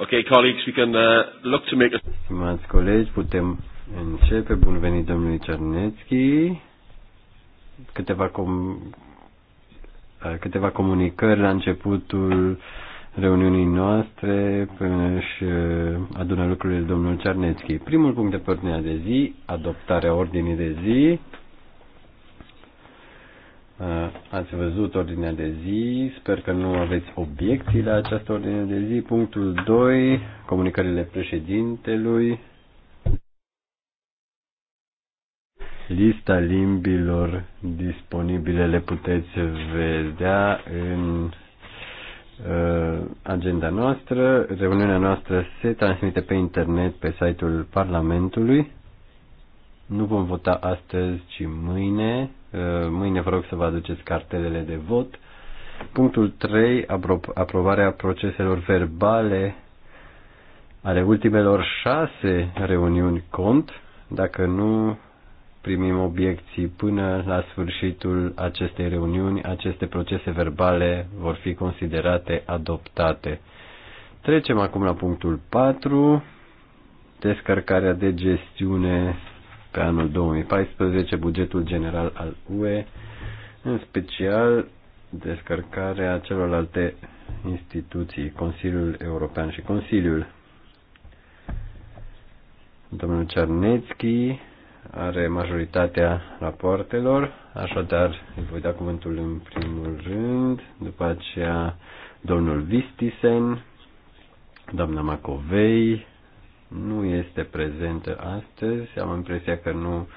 Okay, colleagues, we can uh, look to make a... Stimați colegi, putem începe. Bun venit, domnului Cernețchi. Câteva, com- uh, câteva comunicări la începutul reuniunii noastre până își uh, adună lucrurile domnul Cernețchi. Primul punct de pe ordinea de zi, adoptarea ordinii de zi. Uh, ați văzut ordinea de zi, sper că nu aveți obiecții la această ordine de zi. Punctul 2, comunicările președintelui. Lista limbilor disponibile le puteți vedea în uh, agenda noastră. Reuniunea noastră se transmite pe internet pe site-ul Parlamentului. Nu vom vota astăzi, ci mâine Uh, mâine vă rog să vă aduceți cartelele de vot. Punctul 3. Apro- aprobarea proceselor verbale ale ultimelor șase reuniuni cont. Dacă nu primim obiecții până la sfârșitul acestei reuniuni, aceste procese verbale vor fi considerate adoptate. Trecem acum la punctul 4, descărcarea de gestiune pe anul 2014 bugetul general al UE, în special descărcarea celorlalte instituții, Consiliul European și Consiliul. Domnul Cernețchi are majoritatea rapoartelor, așadar îi voi da cuvântul în primul rând, după aceea domnul Vistisen, doamna Macovei, nu este prezentă astăzi. Am impresia că nu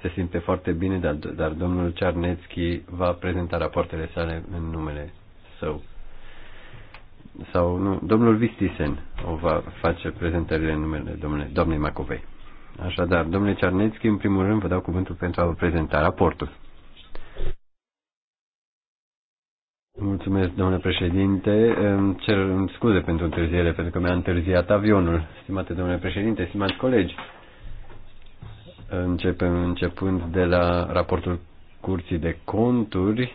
se simte foarte bine, dar, dar domnul Cernetski va prezenta rapoartele sale în numele său. Sau nu, domnul Vistisen o va face prezentările în numele domnule, domnului Macovei. Așadar, domnule Cernetski, în primul rând vă dau cuvântul pentru a vă prezenta raportul. Mulțumesc, domnule președinte. Îmi cer scuze pentru întârziere, pentru că mi-a întârziat avionul. Stimate domnule președinte, stimați colegi, începem începând de la raportul Curții de Conturi.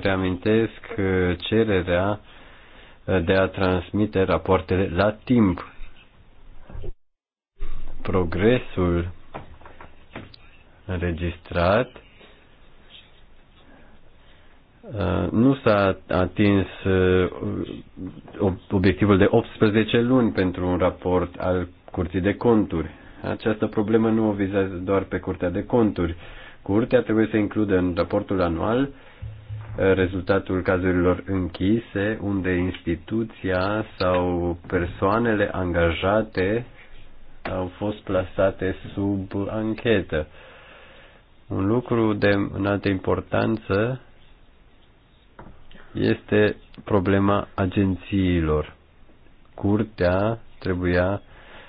Reamintesc cererea de a transmite rapoartele la timp. Progresul înregistrat Uh, nu s-a atins uh, obiectivul de 18 luni pentru un raport al Curții de Conturi. Această problemă nu o vizează doar pe Curtea de Conturi. Curtea trebuie să includă în raportul anual uh, rezultatul cazurilor închise, unde instituția sau persoanele angajate au fost plasate sub anchetă. Un lucru de înaltă importanță este problema agențiilor. Curtea trebuia,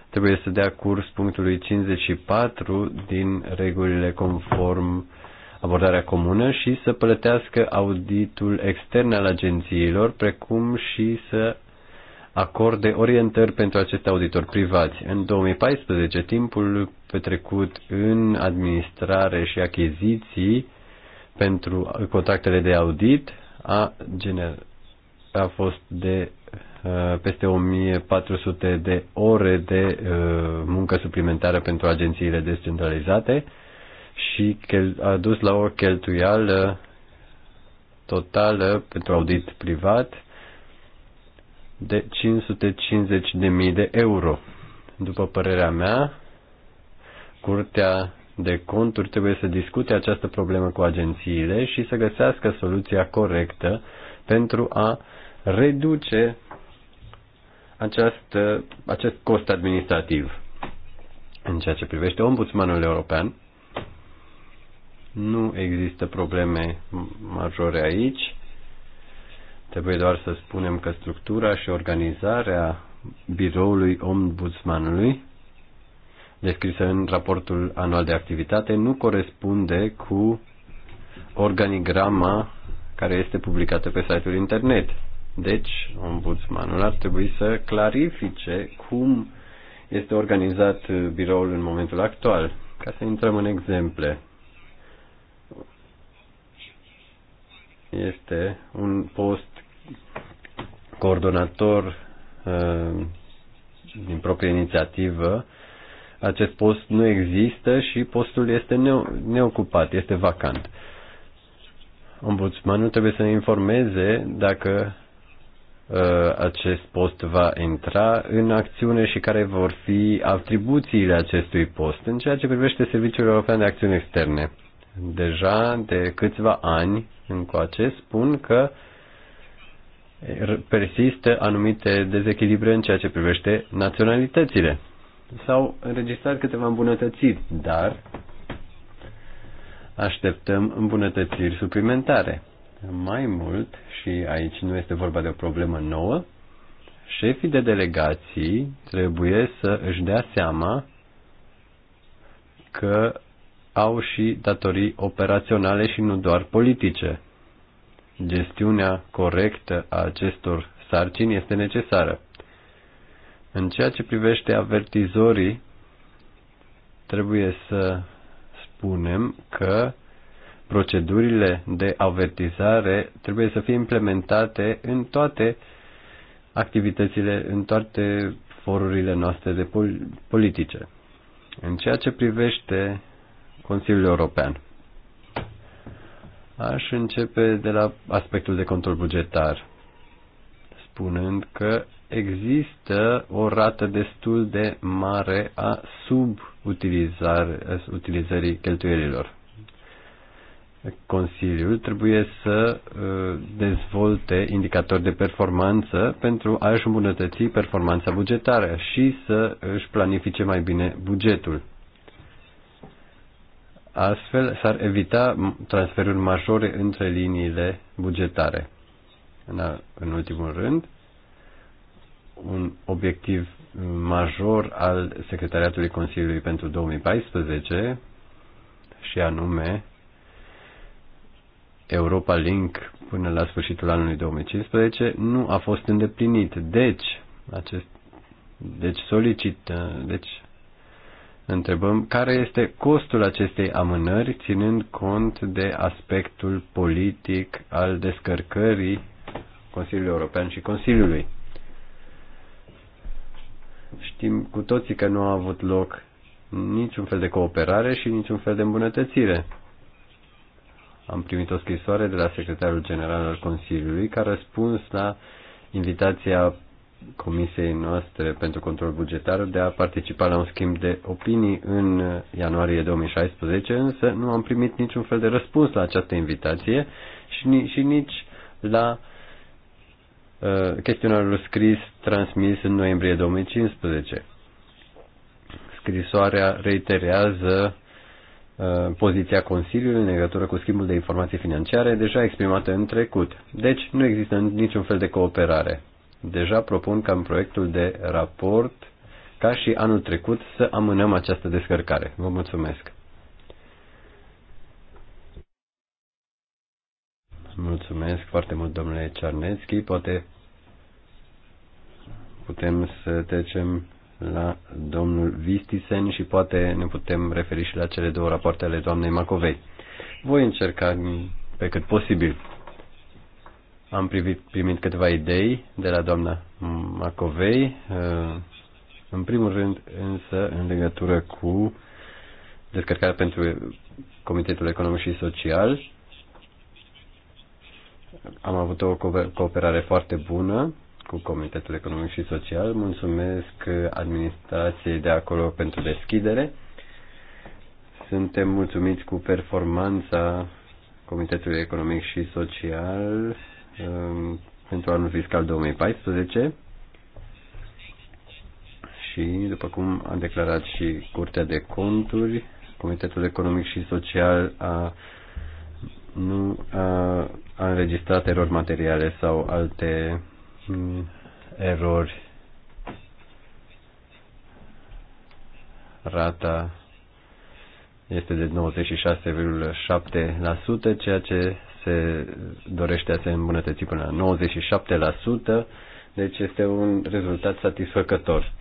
trebuie să dea curs punctului 54 din regulile conform abordarea comună și să plătească auditul extern al agențiilor, precum și să acorde orientări pentru acest auditor privați. În 2014, timpul petrecut în administrare și achiziții pentru contractele de audit a, gener- a fost de peste 1400 de ore de muncă suplimentară pentru agențiile descentralizate și a dus la o cheltuială totală pentru audit privat de 550.000 de euro. După părerea mea, Curtea de conturi trebuie să discute această problemă cu agențiile și să găsească soluția corectă pentru a reduce această, acest cost administrativ. În ceea ce privește ombudsmanul european, nu există probleme majore aici. Trebuie doar să spunem că structura și organizarea biroului ombudsmanului descrisă în raportul anual de activitate nu corespunde cu organigrama care este publicată pe site-ul internet. Deci, ombudsmanul ar trebui să clarifice cum este organizat biroul în momentul actual. Ca să intrăm în exemple, este un post coordonator uh, din proprie inițiativă acest post nu există și postul este neocupat, este vacant. Ombudsmanul trebuie să ne informeze dacă uh, acest post va intra în acțiune și care vor fi atribuțiile acestui post în ceea ce privește Serviciul European de Acțiuni Externe. Deja de câțiva ani încoace spun că persistă anumite dezechilibre în ceea ce privește naționalitățile. S-au înregistrat câteva îmbunătățiri, dar așteptăm îmbunătățiri suplimentare. Mai mult, și aici nu este vorba de o problemă nouă, șefii de delegații trebuie să își dea seama că au și datorii operaționale și nu doar politice. Gestiunea corectă a acestor sarcini este necesară. În ceea ce privește avertizorii, trebuie să spunem că procedurile de avertizare trebuie să fie implementate în toate activitățile, în toate forurile noastre de pol- politice. În ceea ce privește Consiliul European, aș începe de la aspectul de control bugetar, spunând că există o rată destul de mare a subutilizării cheltuielilor. Consiliul trebuie să uh, dezvolte indicatori de performanță pentru a-și îmbunătăți performanța bugetară și să își planifice mai bine bugetul. Astfel s-ar evita transferuri majore între liniile bugetare. În ultimul rând, obiectiv major al Secretariatului Consiliului pentru 2014 și anume Europa Link până la sfârșitul anului 2015 nu a fost îndeplinit. Deci, acest, deci solicit, deci întrebăm care este costul acestei amânări ținând cont de aspectul politic al descărcării Consiliului European și Consiliului. Știm cu toții că nu a avut loc niciun fel de cooperare și niciun fel de îmbunătățire. Am primit o scrisoare de la secretarul general al Consiliului ca răspuns la invitația Comisiei noastre pentru control bugetar de a participa la un schimb de opinii în ianuarie 2016, însă nu am primit niciun fel de răspuns la această invitație și, și nici la Uh, chestionarul scris transmis în noiembrie 2015. Scrisoarea reiterează uh, poziția Consiliului în legătură cu schimbul de informații financiare deja exprimată în trecut. Deci nu există niciun fel de cooperare. Deja propun ca în proiectul de raport, ca și anul trecut, să amânăm această descărcare. Vă mulțumesc! Mulțumesc foarte mult, domnule Cernetski. Poate putem să trecem la domnul Vistisen și poate ne putem referi și la cele două rapoarte ale doamnei Macovei. Voi încerca pe cât posibil. Am privit, primit câteva idei de la doamna Macovei, uh, în primul rând însă în legătură cu descărcarea pentru Comitetul Economic și Social am avut o cooperare foarte bună cu Comitetul Economic și Social. Mulțumesc administrației de acolo pentru deschidere. Suntem mulțumiți cu performanța Comitetului Economic și Social um, pentru anul fiscal 2014 și, după cum a declarat și Curtea de Conturi, Comitetul Economic și Social a nu a, a înregistrat erori materiale sau alte mm, erori. Rata este de 96,7%, ceea ce se dorește a se îmbunătăți până la 97%, deci este un rezultat satisfăcător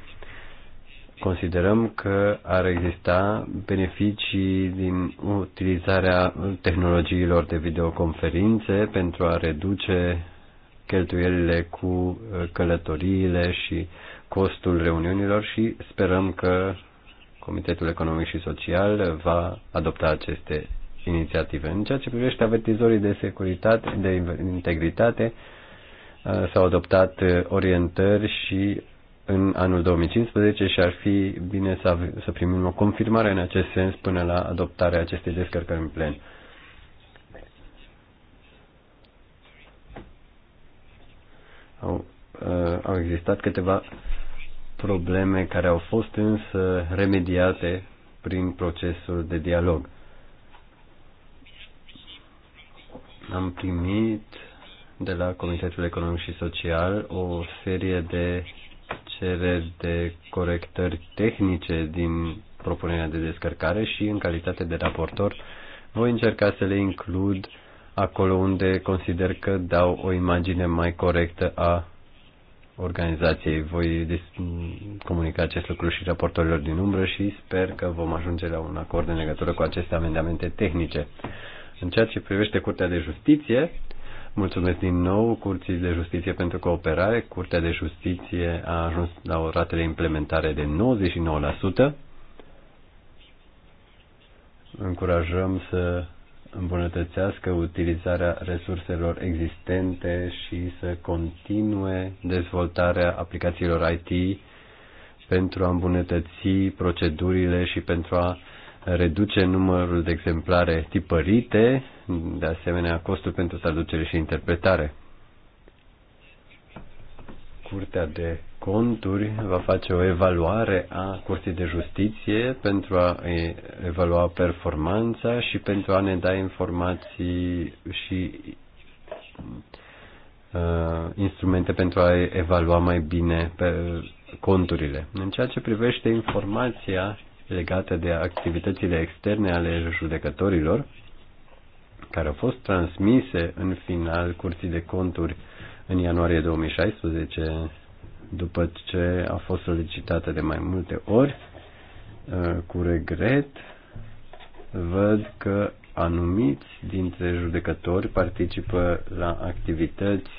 considerăm că ar exista beneficii din utilizarea tehnologiilor de videoconferințe pentru a reduce cheltuielile cu uh, călătoriile și costul reuniunilor și sperăm că Comitetul Economic și Social va adopta aceste inițiative. În ceea ce privește avertizorii de securitate, de integritate, uh, s-au adoptat uh, orientări și în anul 2015 și ar fi bine să, să primim o confirmare în acest sens până la adoptarea acestei descărcări în plen. Au, uh, au existat câteva probleme care au fost însă remediate prin procesul de dialog. Am primit de la Comitetul Economic și Social o serie de cereri de corectări tehnice din propunerea de descărcare și în calitate de raportor voi încerca să le includ acolo unde consider că dau o imagine mai corectă a organizației. Voi comunica acest lucru și raportorilor din umbră și sper că vom ajunge la un acord în legătură cu aceste amendamente tehnice. În ceea ce privește Curtea de Justiție, Mulțumesc din nou Curții de Justiție pentru Cooperare. Curtea de Justiție a ajuns la o rată de implementare de 99%. Încurajăm să îmbunătățească utilizarea resurselor existente și să continue dezvoltarea aplicațiilor IT pentru a îmbunătăți procedurile și pentru a reduce numărul de exemplare tipărite, de asemenea costul pentru traducere și interpretare. Curtea de conturi va face o evaluare a Curții de Justiție pentru a evalua performanța și pentru a ne da informații și uh, instrumente pentru a evalua mai bine pe conturile. În ceea ce privește informația legate de activitățile externe ale judecătorilor, care au fost transmise în final curții de conturi în ianuarie 2016, după ce a fost solicitată de mai multe ori. Uh, cu regret văd că anumiți dintre judecători participă la activități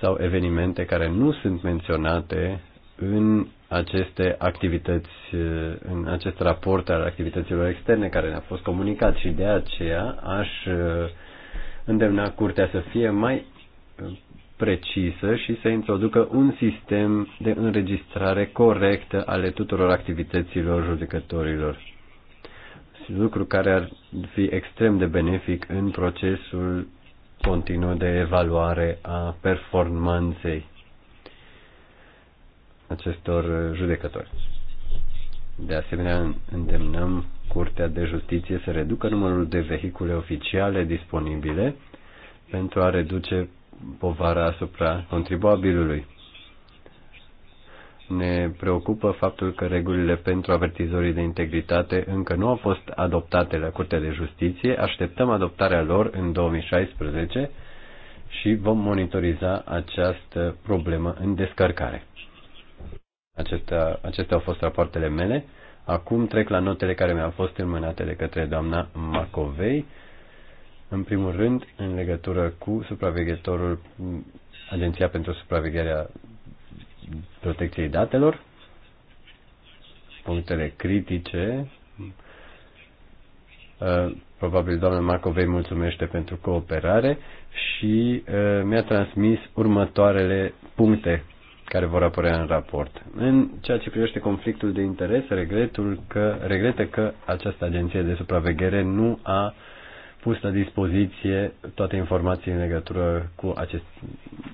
sau evenimente care nu sunt menționate în aceste activități, în acest raport al activităților externe care ne-a fost comunicat și de aceea aș uh, îndemna curtea să fie mai uh, precisă și să introducă un sistem de înregistrare corectă ale tuturor activităților judecătorilor. Lucru care ar fi extrem de benefic în procesul continuu de evaluare a performanței acestor uh, judecători. De asemenea, îndemnăm Curtea de Justiție să reducă numărul de vehicule oficiale disponibile pentru a reduce povara asupra contribuabilului. Ne preocupă faptul că regulile pentru avertizorii de integritate încă nu au fost adoptate la Curtea de Justiție. Așteptăm adoptarea lor în 2016 și vom monitoriza această problemă în descărcare. Acestea, acestea au fost rapoartele mele. Acum trec la notele care mi-au fost înmânate de către doamna Macovei. În primul rând, în legătură cu supraveghetorul, Agenția pentru Supravegherea Protecției Datelor, punctele critice. Uh, probabil doamna Macovei mulțumește pentru cooperare și uh, mi-a transmis următoarele puncte care vor apărea în raport. În ceea ce privește conflictul de interes, regretul că, regretă că această agenție de supraveghere nu a pus la dispoziție toate informații în legătură cu acest,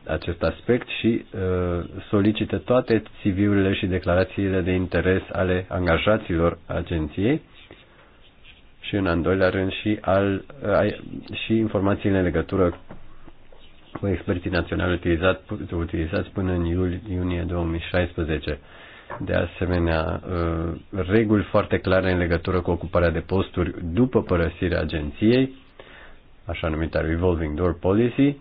acest aspect și uh, solicită toate CV-urile și declarațiile de interes ale angajaților agenției și în al doilea rând și, al, uh, și informațiile în legătură cu experții naționali utilizat, utilizați până în iul, iunie 2016. De asemenea, uh, reguli foarte clare în legătură cu ocuparea de posturi după părăsirea agenției, așa numită Revolving Door Policy,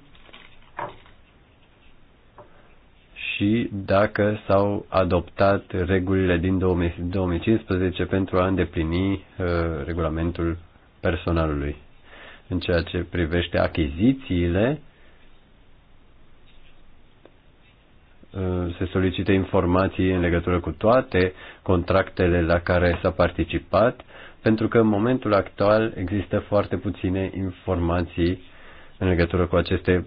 și dacă s-au adoptat regulile din 2015 pentru a îndeplini uh, regulamentul personalului. În ceea ce privește achizițiile, Uh, se solicită informații în legătură cu toate contractele la care s-a participat, pentru că în momentul actual există foarte puține informații în legătură cu aceste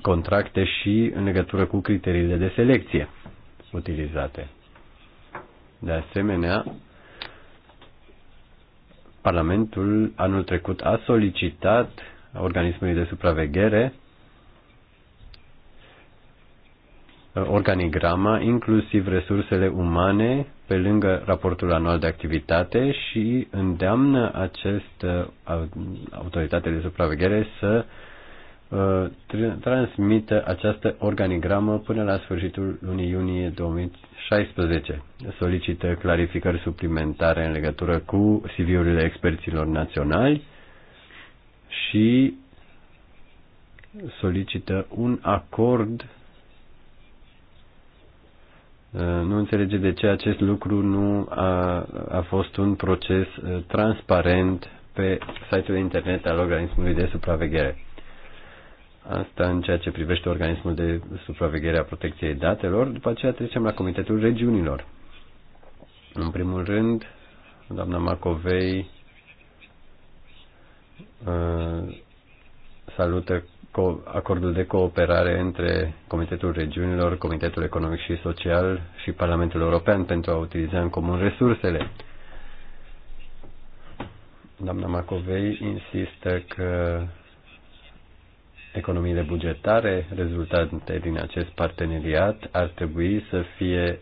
contracte și în legătură cu criteriile de selecție utilizate. De asemenea, Parlamentul anul trecut a solicitat organismului de supraveghere Uh, organigrama, inclusiv resursele umane, pe lângă raportul anual de activitate și îndeamnă acest uh, autoritate de supraveghere să uh, transmită această organigramă până la sfârșitul lunii iunie 2016. Solicită clarificări suplimentare în legătură cu CV-urile experților naționali și solicită un acord Uh, nu înțelege de ce acest lucru nu a, a fost un proces uh, transparent pe site-ul internet al organismului de supraveghere. Asta în ceea ce privește organismul de supraveghere a protecției datelor. După aceea trecem la Comitetul Regiunilor. În primul rând, doamna Macovei uh, salută acordul de cooperare între Comitetul Regiunilor, Comitetul Economic și Social și Parlamentul European pentru a utiliza în comun resursele. Doamna Macovei insistă că economiile bugetare rezultate din acest parteneriat ar trebui să fie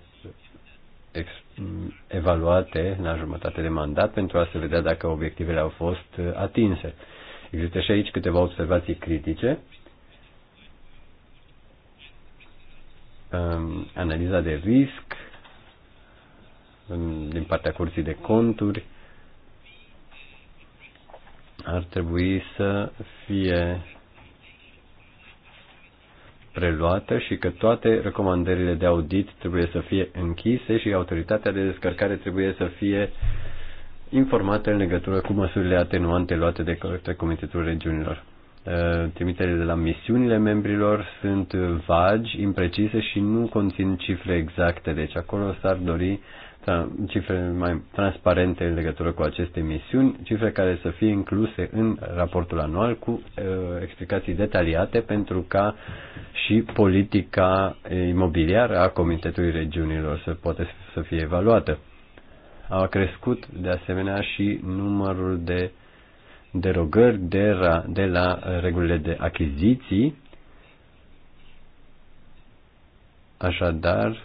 evaluate la jumătate de mandat pentru a se vedea dacă obiectivele au fost atinse. Există și aici câteva observații critice. Analiza de risc din partea curții de conturi ar trebui să fie preluată și că toate recomandările de audit trebuie să fie închise și autoritatea de descărcare trebuie să fie uh, informate în legătură cu măsurile atenuante luate de către Comitetul Regiunilor. Trimiterile la misiunile membrilor sunt vagi, imprecise și nu conțin cifre exacte, deci acolo s-ar dori cifre mai transparente în legătură cu aceste misiuni, cifre care să fie incluse în raportul anual cu uh, explicații detaliate pentru ca și politica imobiliară a Comitetului Regiunilor să poate să fie evaluată. A crescut de asemenea și numărul de derogări de la, de la regulile de achiziții. Așadar,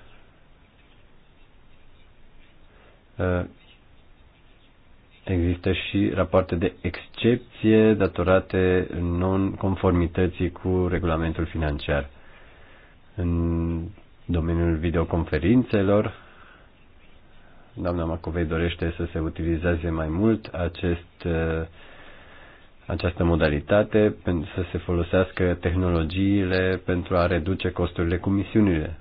există și rapoarte de excepție datorate non-conformității cu regulamentul financiar. În domeniul videoconferințelor doamna Macovei dorește să se utilizeze mai mult acest, uh, această modalitate, să se folosească tehnologiile pentru a reduce costurile cu misiunile.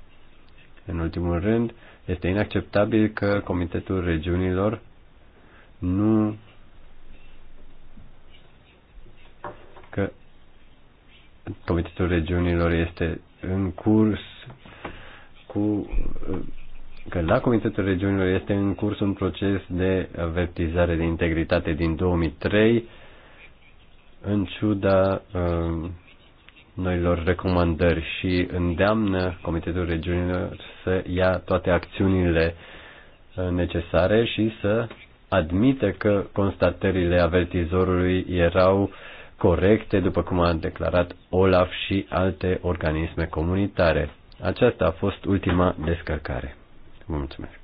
În ultimul rând, este inacceptabil că Comitetul Regiunilor nu că Comitetul Regiunilor este în curs cu uh, că la Comitetul Regiunilor este în curs un proces de avertizare de integritate din 2003, în ciuda uh, noilor recomandări și îndeamnă Comitetul Regiunilor să ia toate acțiunile uh, necesare și să admită că constatările avertizorului erau corecte, după cum a declarat OLAF și alte organisme comunitare. Aceasta a fost ultima descărcare. Vă mulțumesc.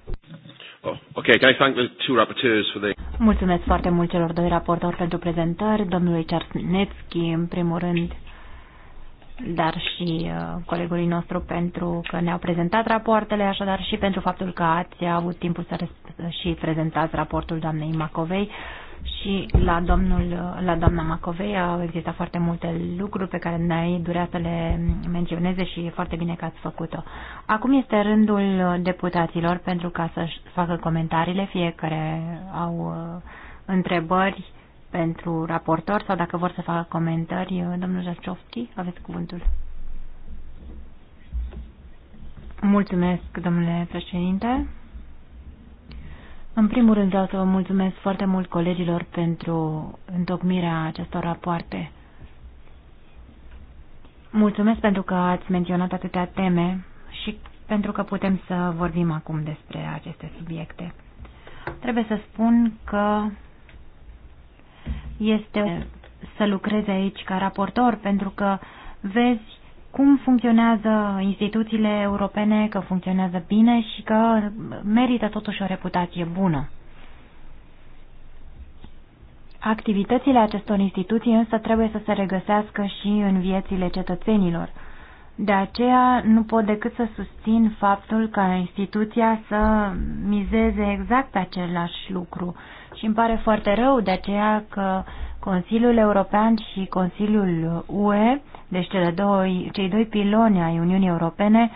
Oh, can I thank the two rapporteurs for the... Mulțumesc foarte mult celor doi raportori pentru prezentări, domnului Netsky, în primul rând, dar și uh, colegului nostru pentru că ne-au prezentat rapoartele, așadar și pentru faptul că ați avut timpul să și prezentați raportul doamnei Macovei și la, domnul, la doamna Macovei au existat foarte multe lucruri pe care ne-ai durea să le menționeze și e foarte bine că ați făcut-o. Acum este rândul deputaților pentru ca să-și facă comentariile, fiecare au uh, întrebări pentru raportor sau dacă vor să facă comentarii, uh, domnul Jaciovski, aveți cuvântul. Mulțumesc, domnule președinte. În primul rând vreau să vă mulțumesc foarte mult colegilor pentru întocmirea acestor rapoarte. Mulțumesc pentru că ați menționat atâtea teme și pentru că putem să vorbim acum despre aceste subiecte. Trebuie să spun că este să lucrezi aici ca raportor pentru că vezi cum funcționează instituțiile europene, că funcționează bine și că merită totuși o reputație bună. Activitățile acestor instituții însă trebuie să se regăsească și în viețile cetățenilor. De aceea nu pot decât să susțin faptul ca instituția să mizeze exact același lucru și îmi pare foarte rău de aceea că uh, Consiliul European și Consiliul UE, deci cele doi, cei doi piloni ai Uniunii Europene,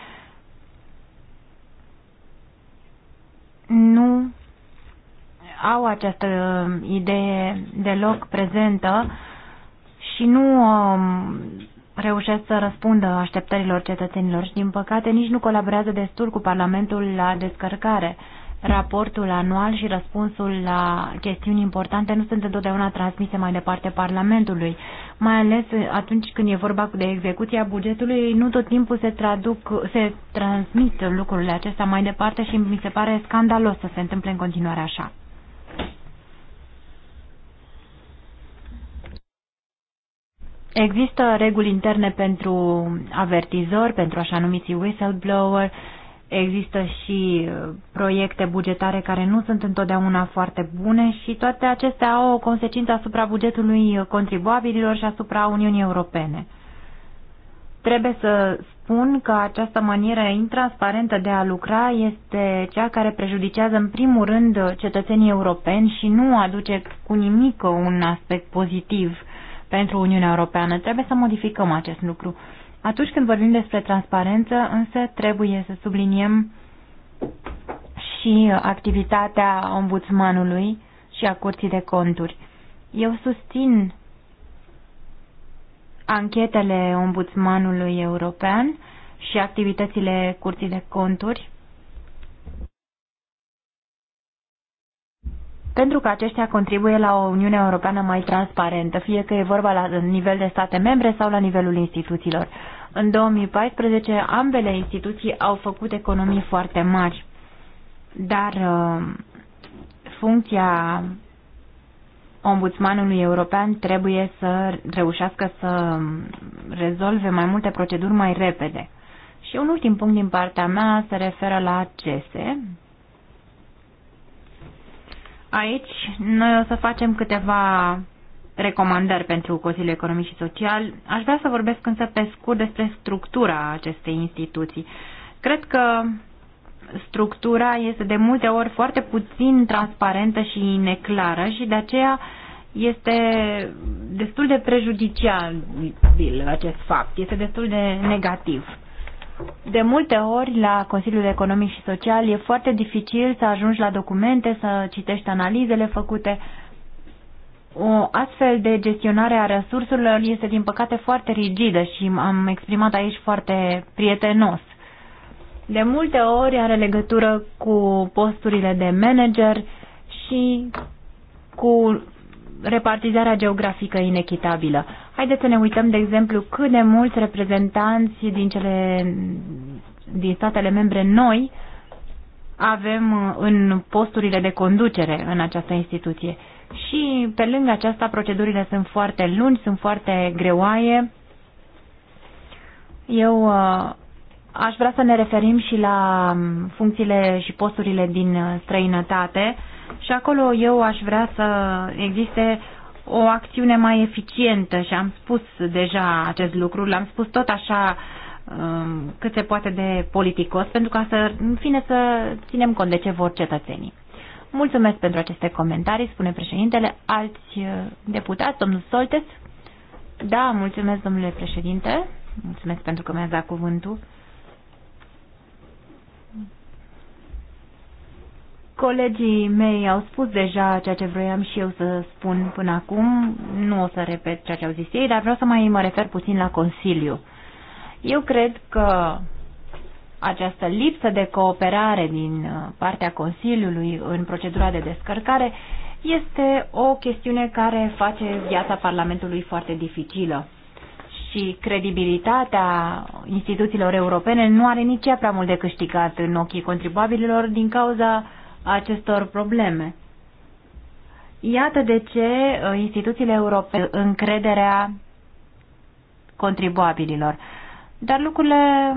nu au această um, idee deloc prezentă și nu um, reușesc să răspundă așteptărilor cetățenilor și, din păcate, nici nu colaborează destul cu Parlamentul la descărcare. Uh, raportul anual și răspunsul la chestiuni importante nu sunt întotdeauna transmise mai departe Parlamentului, mai ales atunci când e vorba de execuția bugetului, nu tot timpul se, traduc, se transmit lucrurile acestea mai departe și mi se pare scandalos să se întâmple în continuare așa. Există reguli interne pentru avertizori, pentru așa numiți whistleblower, uh, Există și uh, proiecte bugetare care nu sunt întotdeauna foarte bune și toate acestea au o consecință asupra bugetului contribuabililor și asupra Uniunii Europene. Trebuie să spun că această manieră intransparentă de a lucra este cea care prejudicează în primul rând cetățenii europeni și nu aduce cu nimic un aspect pozitiv pentru Uniunea Europeană. Trebuie să modificăm acest lucru. Atunci când vorbim despre transparență, însă trebuie să subliniem și activitatea ombudsmanului și a curții de conturi. Eu susțin anchetele ombudsmanului european și activitățile curții de conturi pentru că aceștia contribuie la o Uniune Europeană mai transparentă, fie că e vorba la nivel de state membre sau la nivelul instituțiilor. În 2014, ambele instituții au făcut economii foarte mari, dar uh, funcția ombudsmanului european trebuie să reușească să rezolve mai multe proceduri mai repede. Și un ultim punct din partea mea se referă la CESE, Aici noi o să facem câteva recomandări pentru Consiliul Economic și Social. Aș vrea să vorbesc însă pe scurt despre structura acestei instituții. Cred că structura este de multe ori foarte puțin transparentă și neclară și de aceea este destul de prejudicial acest fapt, este destul de negativ. De multe ori, la Consiliul Economic și Social, e foarte dificil să ajungi la documente, să citești analizele făcute. O astfel de gestionare a resurselor este, din păcate, foarte rigidă și am exprimat aici foarte prietenos. De multe ori are legătură cu posturile de manager și cu repartizarea geografică inechitabilă. Haideți să ne uităm, de exemplu, cât de mulți reprezentanți din, cele, din statele membre noi avem uh, în posturile de conducere în această instituție. Și pe lângă aceasta procedurile sunt foarte lungi, sunt foarte greoaie. Eu uh, aș vrea să ne referim și la um, funcțiile și posturile din uh, străinătate și acolo eu aș vrea să existe o acțiune mai eficientă și am spus deja acest lucru, l-am spus tot așa um, cât se poate de politicos, pentru ca să, în fine, să ținem cont de ce vor cetățenii. Mulțumesc pentru aceste comentarii, spune președintele. Alți uh, deputați, domnul Soltes? Da, mulțumesc, domnule președinte. Mulțumesc pentru că mi-ați dat cuvântul. Colegii mei au spus deja ceea ce vroiam și eu să spun până acum, nu o să repet ceea ce au zis ei, dar vreau să mai mă refer puțin la Consiliu. Eu cred că această lipsă de cooperare din uh, partea Consiliului în procedura de descărcare este o chestiune care face viața Parlamentului foarte dificilă și credibilitatea instituțiilor europene nu are nici ea prea mult de câștigat în ochii contribuabililor din cauza acestor probleme. Iată de ce uh, instituțiile europene încrederea contribuabililor. Dar lucrurile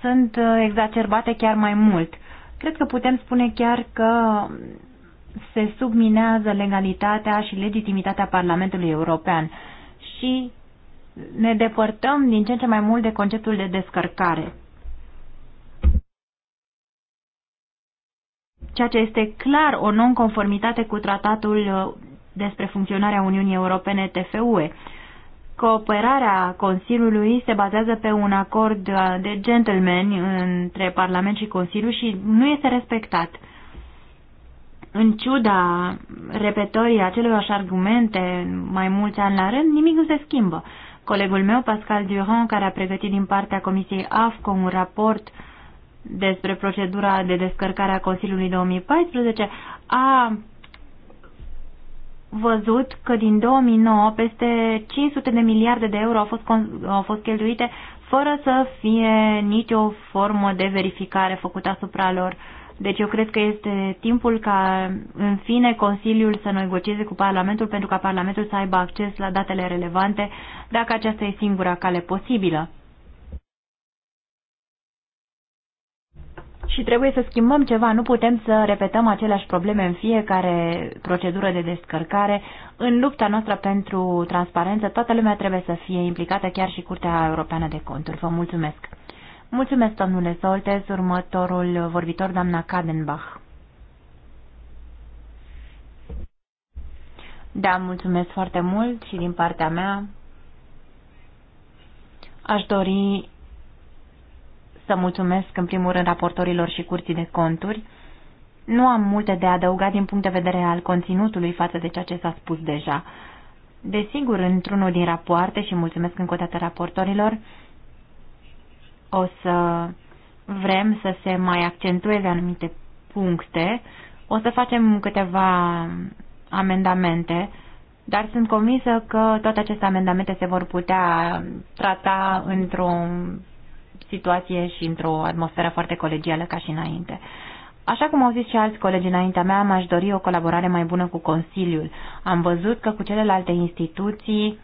sunt uh, exacerbate chiar mai mult. Cred că putem spune chiar că se subminează legalitatea și legitimitatea Parlamentului European și ne depărtăm din ce în ce mai mult de conceptul de descărcare. ceea ce este clar o nonconformitate cu tratatul uh, despre funcționarea Uniunii Europene TFUE. Cooperarea Consiliului se bazează pe un acord uh, de gentleman între Parlament și Consiliu și nu este respectat. În ciuda repetării acelorași argumente mai mulți ani la rând, nimic nu se schimbă. Colegul meu, Pascal Durand, care a pregătit din partea Comisiei AFCO un raport uh, despre procedura de descărcare a Consiliului 2014 a văzut că din 2009 peste 500 de miliarde de euro au fost, au fost cheltuite fără să fie nicio formă de verificare făcută asupra lor. Deci eu cred că este timpul ca în fine Consiliul să negocieze cu Parlamentul pentru ca Parlamentul să aibă acces la datele relevante dacă aceasta e singura cale posibilă. și trebuie să schimbăm ceva. Nu putem să repetăm aceleași probleme în fiecare procedură de descărcare. În lupta noastră pentru transparență, toată lumea trebuie să fie implicată, chiar și Curtea Europeană de Conturi. Vă mulțumesc! Mulțumesc, domnule Soltes. Următorul vorbitor, doamna Kadenbach. Da, mulțumesc foarte mult și din partea mea. Aș dori să mulțumesc în primul rând raportorilor și curții de conturi. Nu am multe de adăugat din punct de vedere al conținutului față de ceea ce s-a spus deja. Desigur, într-unul din rapoarte, și mulțumesc încă o dată raportorilor, o să vrem să se mai accentueze anumite puncte, o să facem câteva amendamente, dar sunt convinsă că toate aceste amendamente se vor putea trata într-un situație și într-o atmosferă foarte colegială ca și înainte. Așa cum au zis și alți colegi înaintea mea, m-aș dori o colaborare mai bună cu Consiliul. Am văzut că cu celelalte instituții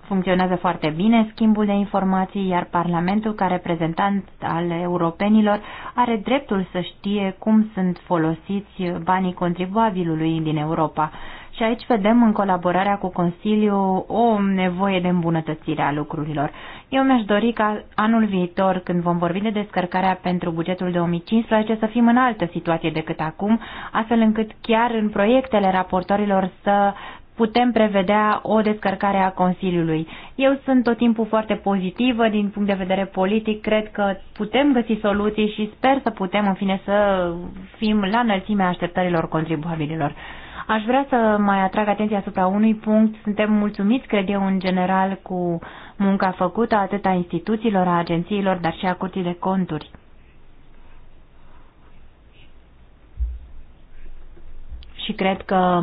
funcționează foarte bine schimbul de informații, iar Parlamentul, ca reprezentant al europenilor, are dreptul să știe cum sunt folosiți banii contribuabilului din Europa. Și aici vedem în colaborarea cu Consiliu o nevoie de îmbunătățire a lucrurilor. Eu mi-aș dori ca anul viitor, când vom vorbi de descărcarea pentru bugetul 2015, să fim în altă situație decât acum, astfel încât chiar în proiectele raportorilor să putem prevedea o descărcare a Consiliului. Eu sunt tot timpul foarte pozitivă din punct de vedere politic, cred că putem găsi soluții și sper să putem în fine să fim la înălțimea așteptărilor contribuabililor. Aș vrea să mai atrag atenția asupra unui punct. Suntem mulțumiți, cred eu, în general, cu munca făcută atât a instituțiilor, a agențiilor, dar și a curții de conturi. Și cred că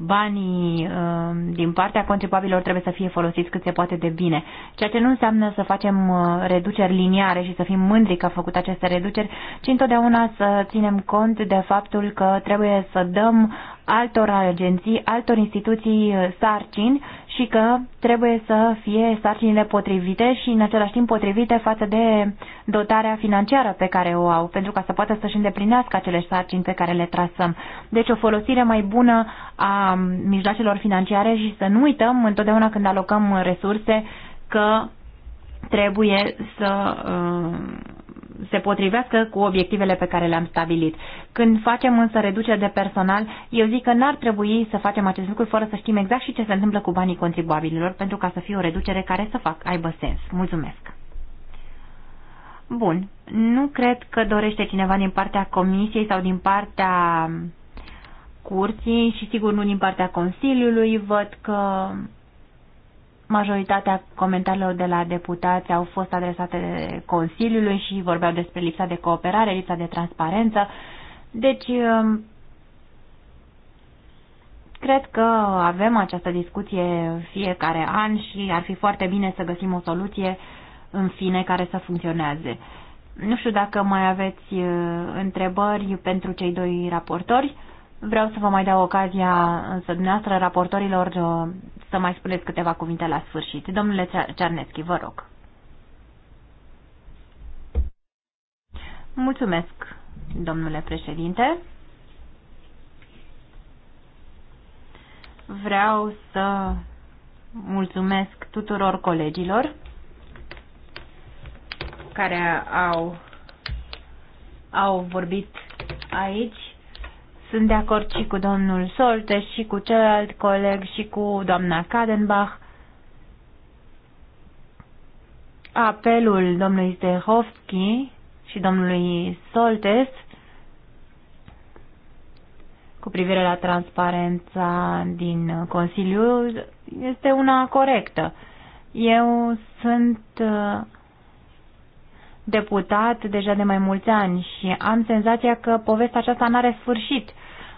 banii uh, din partea contribuabilor trebuie să fie folosiți cât se poate de bine. Ceea ce nu înseamnă să facem uh, reduceri liniare și să fim mândri că am făcut aceste reduceri, ci întotdeauna să ținem cont de faptul că trebuie să dăm altor agenții, altor instituții uh, sarcini și că trebuie să fie sarcinile potrivite și în același timp potrivite față de dotarea financiară pe care o au, pentru ca să poată să-și îndeplinească acele sarcini pe care le trasăm. Deci o folosire mai bună a mijloacelor financiare și să nu uităm întotdeauna când alocăm resurse că trebuie să uh, se potrivească cu obiectivele pe care le-am stabilit. Când facem însă reducere de personal, eu zic că n-ar trebui să facem acest lucru fără să știm exact și ce se întâmplă cu banii contribuabililor pentru ca să fie o reducere care să fac, aibă sens. Mulțumesc! Bun. Nu cred că dorește cineva din partea comisiei sau din partea curții și sigur nu din partea Consiliului. Văd că Majoritatea comentariilor de la deputați au fost adresate de Consiliului și vorbeau despre lipsa de cooperare, lipsa de transparență. Deci, um, cred că avem această discuție fiecare an și ar fi foarte bine să găsim o soluție în fine care să funcționeze. Nu știu dacă mai aveți uh, întrebări pentru cei doi raportori. Vreau să vă mai dau ocazia, însă dumneavoastră, raportorilor, uh, să mai spuneți câteva cuvinte la sfârșit. Domnule Cerneschi, vă rog. Mulțumesc, domnule președinte. Vreau să mulțumesc tuturor colegilor care au, au vorbit aici sunt de acord și cu domnul Solte și cu celălalt coleg și cu doamna Kadenbach. Apelul domnului Zdehovski și domnului Soltes cu privire la transparența din Consiliu este una corectă. Eu sunt uh, deputat deja de mai mulți ani și am senzația că povestea aceasta nu are sfârșit.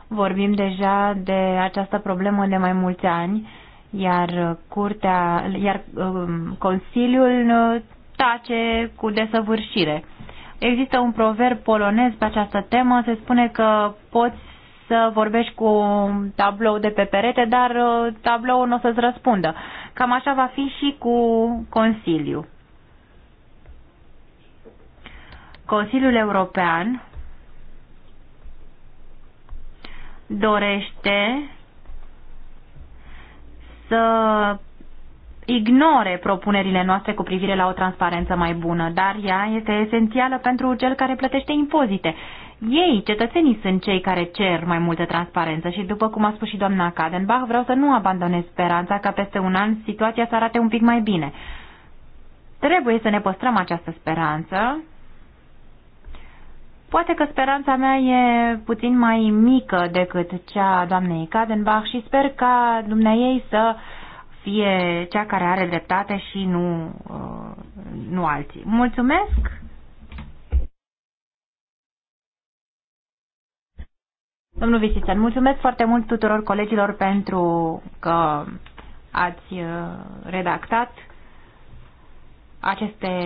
Vorbim deja de această problemă de mai mulți ani, iar curtea, iar um, Consiliul uh, tace cu desăvârșire. Există un proverb polonez pe această temă, se spune că poți să vorbești cu un tablou de pe perete, dar uh, tabloul nu o să-ți răspundă. Cam așa va fi și cu Consiliu. Consiliul European dorește să ignore propunerile noastre cu privire la o transparență mai bună, dar ea este esențială pentru cel care plătește impozite. Ei, cetățenii, sunt cei care cer mai multă transparență și, după cum a spus și doamna Kadenbach, vreau să nu abandonez speranța ca peste un an situația să arate un pic mai bine. Trebuie să ne păstrăm această speranță Poate că speranța mea e puțin mai mică decât cea a doamnei Kadenbach și sper ca ei să fie cea care are dreptate și nu, uh, nu alții. Mulțumesc! Domnul Visițan, mulțumesc foarte mult tuturor colegilor pentru că ați uh, redactat aceste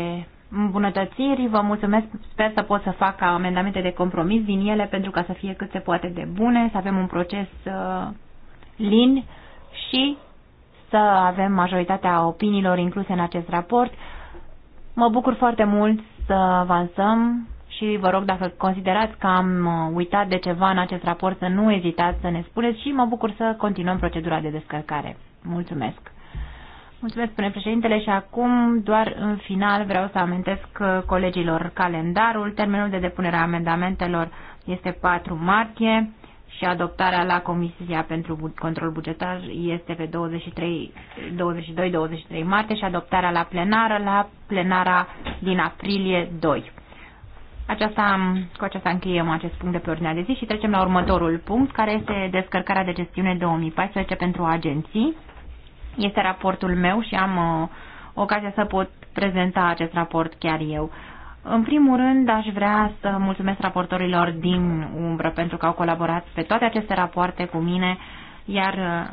îmbunătățiri. Vă mulțumesc, sper să pot să fac amendamente de compromis din ele pentru ca să fie cât se poate de bune, să avem un proces uh, lin și să avem majoritatea opiniilor incluse în acest raport. Mă bucur foarte mult să avansăm și vă rog dacă considerați că am uh, uitat de ceva în acest raport să nu ezitați să ne spuneți și mă bucur să continuăm procedura de descărcare. Mulțumesc! Mulțumesc, spune președintele, și acum, doar în final, vreau să amintesc uh, colegilor calendarul. Termenul de depunere a amendamentelor este 4 martie și adoptarea la Comisia pentru Control Bugetar este pe 22-23 martie și adoptarea la plenară la plenara din aprilie 2. Aceasta, cu aceasta încheiem acest punct de pe ordinea de zi și trecem la următorul punct, care este descărcarea de gestiune 2014 pentru agenții. Este raportul meu și am uh, ocazia să pot prezenta acest raport chiar eu. În primul rând, aș vrea să mulțumesc raportorilor din umbră pentru că au colaborat pe toate aceste rapoarte cu mine, iar uh,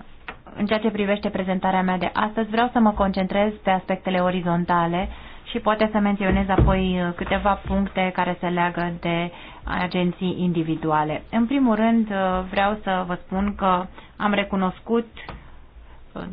în ceea ce privește prezentarea mea de astăzi, vreau să mă concentrez pe aspectele orizontale și poate să menționez apoi uh, câteva puncte care se leagă de agenții individuale. În primul rând, uh, vreau să vă spun că am recunoscut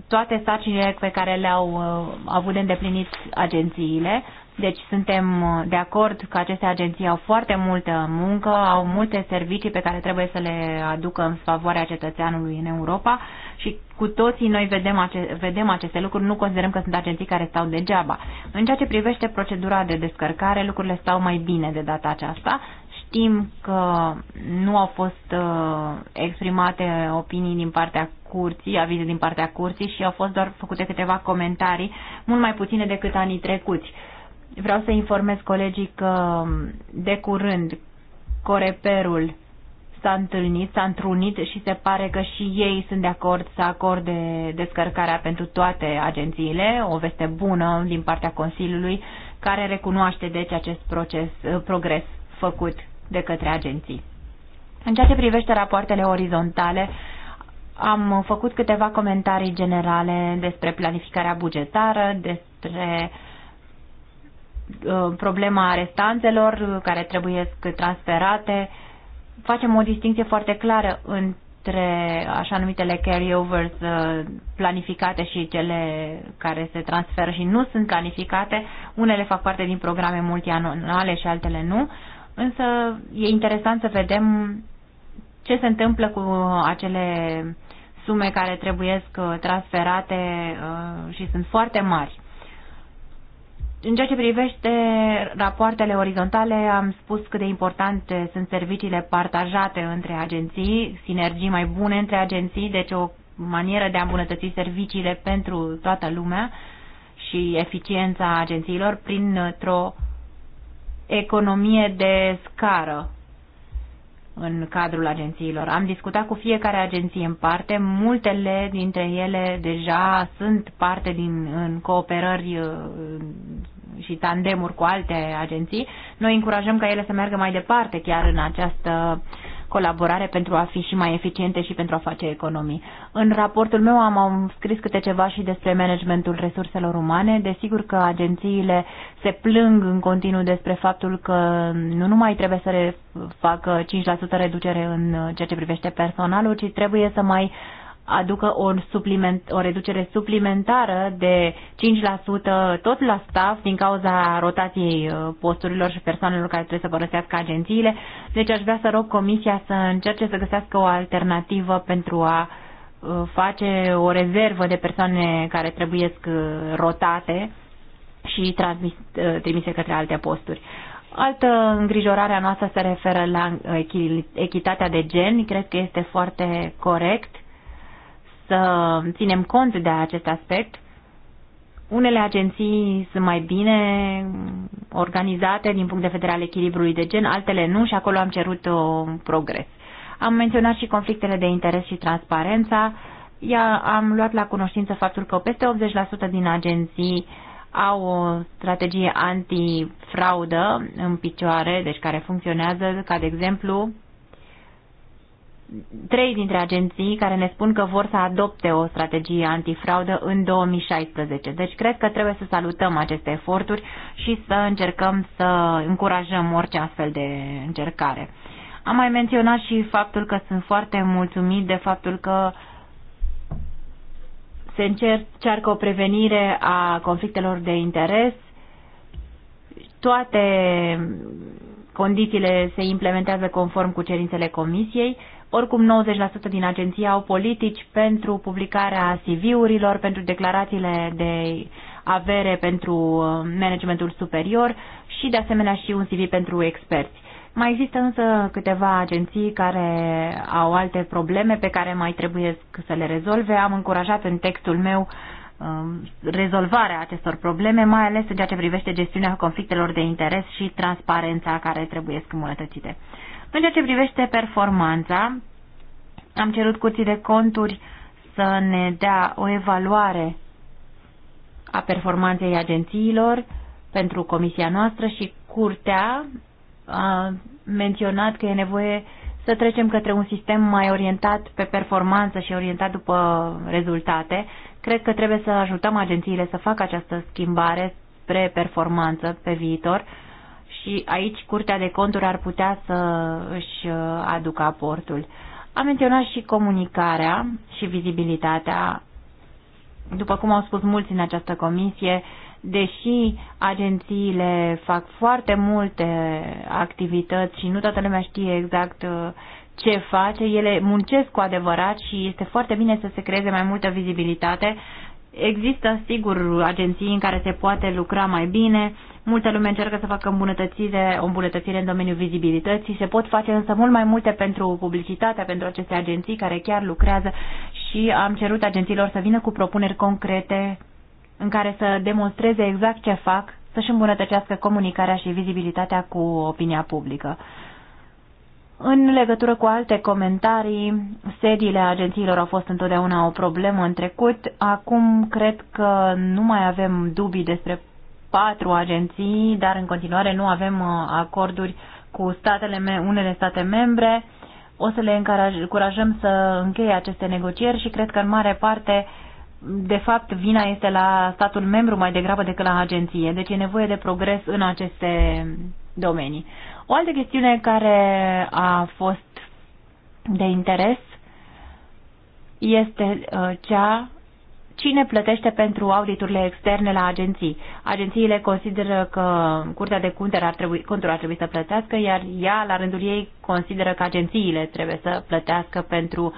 toate sarcinile pe care le-au uh, avut de îndeplinit agențiile. Deci suntem uh, de acord că aceste agenții au foarte multă muncă, au multe servicii pe care trebuie să le aducă în favoarea cetățeanului în Europa și cu toții noi vedem, ace- vedem aceste lucruri, nu considerăm că sunt agenții care stau degeaba. În ceea ce privește procedura de descărcare, lucrurile stau mai bine de data aceasta. Știm că nu au fost uh, exprimate opinii din partea curții, avize din partea curții și au fost doar făcute câteva comentarii, mult mai puține decât anii trecuți. Vreau să informez colegii că de curând Coreperul s-a întâlnit, s-a întrunit și se pare că și ei sunt de acord să acorde descărcarea pentru toate agențiile, o veste bună din partea Consiliului, care recunoaște deci acest proces, uh, progres făcut de către agenții. În ceea ce privește rapoartele orizontale, am făcut câteva comentarii generale despre planificarea bugetară, despre uh, problema restanțelor uh, care trebuie transferate. Facem o distinție foarte clară între așa numitele carryovers uh, planificate și cele care se transferă și nu sunt planificate. Unele fac parte din programe multianuale și altele nu Însă e interesant să vedem ce se întâmplă cu acele sume care trebuie uh, transferate uh, și sunt foarte mari. În ceea ce privește rapoartele orizontale, am spus cât de importante sunt serviciile partajate între agenții, sinergii mai bune între agenții, deci o manieră de a îmbunătăți serviciile pentru toată lumea și eficiența agențiilor printr-o uh, economie de scară în cadrul agențiilor. Am discutat cu fiecare agenție în parte, multele dintre ele deja sunt parte din în cooperări uh, și tandemuri cu alte agenții. Noi încurajăm ca ele să meargă mai departe chiar în această uh, colaborare pentru a fi și mai eficiente și pentru a face economii. În raportul meu am scris câte ceva și despre managementul resurselor umane. Desigur că agențiile se plâng în continuu despre faptul că nu numai trebuie să facă 5% reducere în uh, ceea ce privește personalul, ci trebuie să mai uh, aducă o, supliment, o reducere suplimentară de 5% tot la staff din cauza rotației uh, posturilor și persoanelor care trebuie să părăsească agențiile. Deci aș vrea să rog Comisia să încerce să găsească o alternativă pentru a uh, face o rezervă de persoane care trebuie uh, rotate și transmis, trimise către alte posturi. Altă îngrijorare a noastră se referă la echitatea de gen. Cred că este foarte corect să ținem cont de acest aspect. Unele agenții sunt mai bine organizate din punct de vedere al echilibrului de gen, altele nu și acolo am cerut un progres. Am menționat și conflictele de interes și transparența. Ia, am luat la cunoștință faptul că peste 80% din agenții au o strategie antifraudă în picioare, deci care funcționează, ca de exemplu trei dintre agenții care ne spun că vor să adopte o strategie antifraudă în 2016. Deci cred că trebuie să salutăm aceste eforturi și să încercăm să încurajăm orice astfel de încercare. Am mai menționat și faptul că sunt foarte mulțumit de faptul că se încearcă o prevenire a conflictelor de interes. Toate condițiile se implementează conform cu cerințele comisiei oricum, 90% din agenții au politici pentru publicarea CV-urilor, pentru declarațiile de avere pentru uh, managementul superior și, de asemenea, și un CV pentru experți. Mai există însă câteva agenții care au alte probleme pe care mai trebuie să le rezolve. Am încurajat în textul meu um, rezolvarea acestor probleme, mai ales în ceea ce privește gestiunea conflictelor de interes și transparența care trebuie îmbunătățite. În ceea ce privește performanța, am cerut curții de conturi să ne dea o evaluare a performanței agențiilor pentru comisia noastră și curtea a menționat că e nevoie să trecem către un sistem mai orientat pe performanță și orientat după rezultate. Cred că trebuie să ajutăm agențiile să facă această schimbare spre performanță pe viitor și aici Curtea de Conturi ar putea să își uh, aducă aportul. Am menționat și comunicarea și vizibilitatea. După cum au spus mulți în această comisie, deși agențiile fac foarte multe activități și nu toată lumea știe exact uh, ce face, ele muncesc cu adevărat și este foarte bine să se creeze mai multă vizibilitate Există, sigur, agenții în care se poate lucra mai bine, multă lume încearcă să facă îmbunătățire, o îmbunătățire în domeniul vizibilității, se pot face însă mult mai multe pentru publicitatea, pentru aceste agenții care chiar lucrează și am cerut agențiilor să vină cu propuneri concrete în care să demonstreze exact ce fac, să-și îmbunătățească comunicarea și vizibilitatea cu opinia publică. În legătură cu alte comentarii, sediile agențiilor au fost întotdeauna o problemă în trecut. Acum cred că nu mai avem dubii despre patru agenții, dar în continuare nu avem uh, acorduri cu statele, unele state membre. O să le încurajăm să încheie aceste negocieri și cred că în mare parte de fapt, vina este la statul membru mai degrabă decât la agenție, deci e nevoie de progres în aceste domenii. O altă chestiune care a fost de interes este uh, cea cine plătește pentru auditurile externe la agenții. Agențiile consideră că Curtea de Conturi ar trebui, conturi ar trebui să plătească, iar ea, la rândul ei, consideră că agențiile trebuie să plătească pentru uh,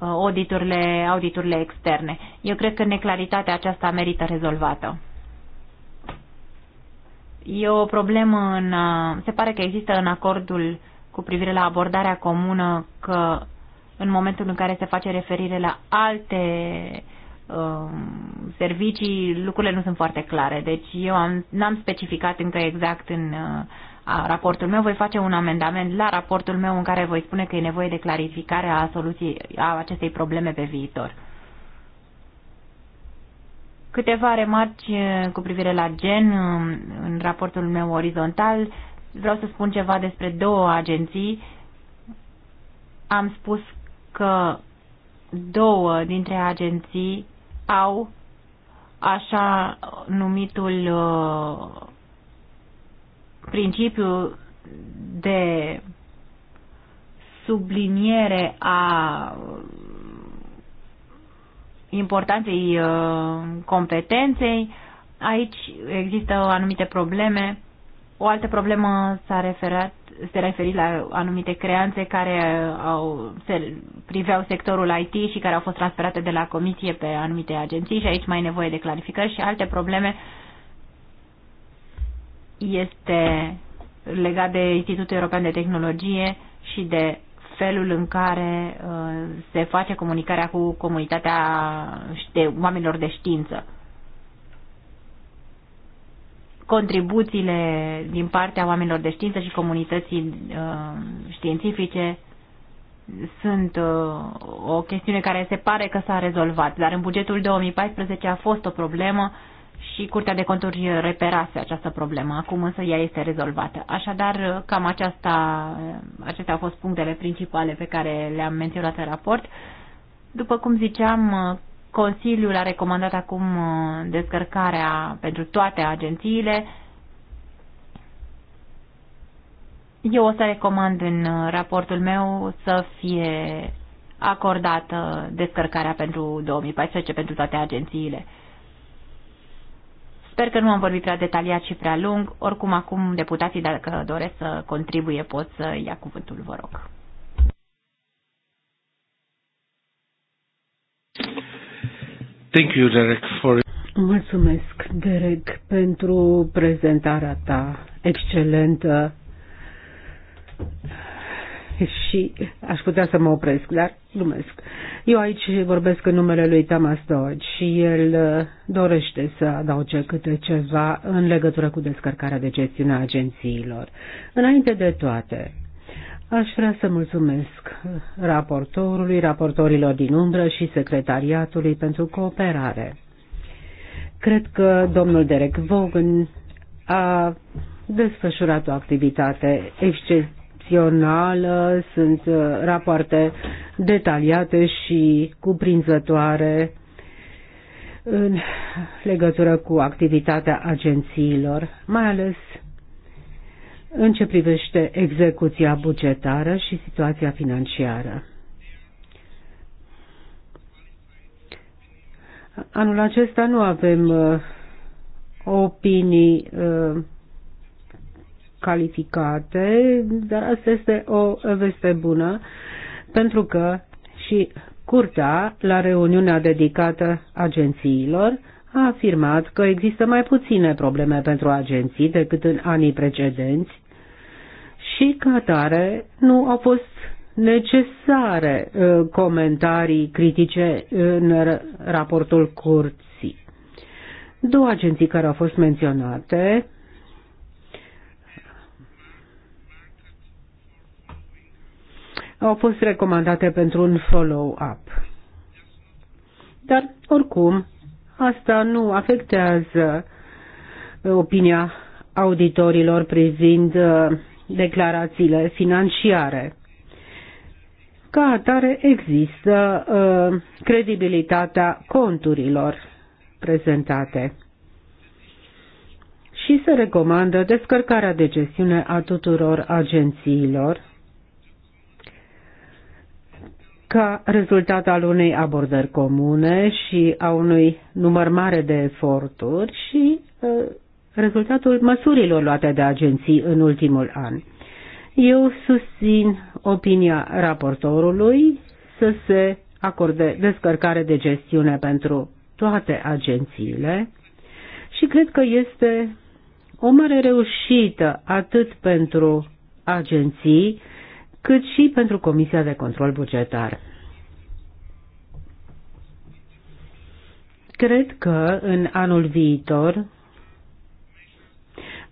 auditurile, auditurile externe. Eu cred că neclaritatea aceasta merită rezolvată. E o problemă în... Uh, se pare că există în acordul cu privire la abordarea comună că în momentul în care se face referire la alte uh, servicii, lucrurile nu sunt foarte clare. Deci eu am, n-am specificat încă exact în uh, a, raportul meu, voi face un amendament la raportul meu în care voi spune că e nevoie de clarificare a soluției a acestei probleme pe viitor. Câteva remarci eh, cu privire la gen eh, în raportul meu orizontal. Vreau să spun ceva despre două agenții. Am spus că două dintre agenții au așa numitul eh, principiu de subliniere a importanței uh, competenței. Aici există anumite probleme. O altă problemă s-a referat se referit la anumite creanțe care au, se priveau sectorul IT și care au fost transferate de la comisie pe anumite agenții și aici mai e nevoie de clarificări și alte probleme este legat de Institutul European de Tehnologie și de felul în care uh, se face comunicarea cu comunitatea de oamenilor de știință. Contribuțiile din partea oamenilor de știință și comunității uh, științifice sunt uh, o chestiune care se pare că s-a rezolvat, dar în bugetul 2014 a fost o problemă și Curtea de Conturi reperase această problemă. Acum însă ea este rezolvată. Așadar, cam aceasta, acestea au fost punctele principale pe care le-am menționat în raport. După cum ziceam, Consiliul a recomandat acum descărcarea pentru toate agențiile. Eu o să recomand în raportul meu să fie acordată descărcarea pentru 2014 pentru toate agențiile. Sper că nu am vorbit prea detaliat și prea lung. Oricum, acum deputații, dacă doresc să contribuie, pot să ia cuvântul, vă rog. Thank you, Derek, for... Mulțumesc, Derek, pentru prezentarea ta excelentă și aș putea să mă opresc, dar glumesc. Eu aici vorbesc în numele lui Thomas Dodge și el uh, dorește să adauge câte ceva în legătură cu descărcarea de gestiune a agențiilor. Înainte de toate, Aș vrea să mulțumesc raportorului, raportorilor din umbră și secretariatului pentru cooperare. Cred că domnul Derek Vaughan a desfășurat o activitate exces excepțională, sunt uh, rapoarte detaliate și cuprinzătoare în legătură cu activitatea agențiilor, mai ales în ce privește execuția bugetară și situația financiară. Anul acesta nu avem uh, opinii uh, calificate, dar asta este o veste bună, pentru că și Curtea, la reuniunea dedicată agențiilor, a afirmat că există mai puține probleme pentru agenții decât în anii precedenți și, ca atare, nu au fost necesare uh, comentarii critice în raportul curții. Două agenții care au fost menționate au fost recomandate pentru un follow-up. Dar, oricum, asta nu afectează uh, opinia auditorilor privind uh, declarațiile financiare. Ca atare există uh, credibilitatea conturilor prezentate și se recomandă descărcarea de gestiune a tuturor agențiilor ca rezultat al unei abordări comune și a unui număr mare de eforturi și uh, rezultatul măsurilor luate de agenții în ultimul an. Eu susțin opinia raportorului să se acorde descărcare de gestiune pentru toate agențiile și cred că este o mare reușită atât pentru agenții cât și pentru Comisia de Control Bugetar. Cred că în anul viitor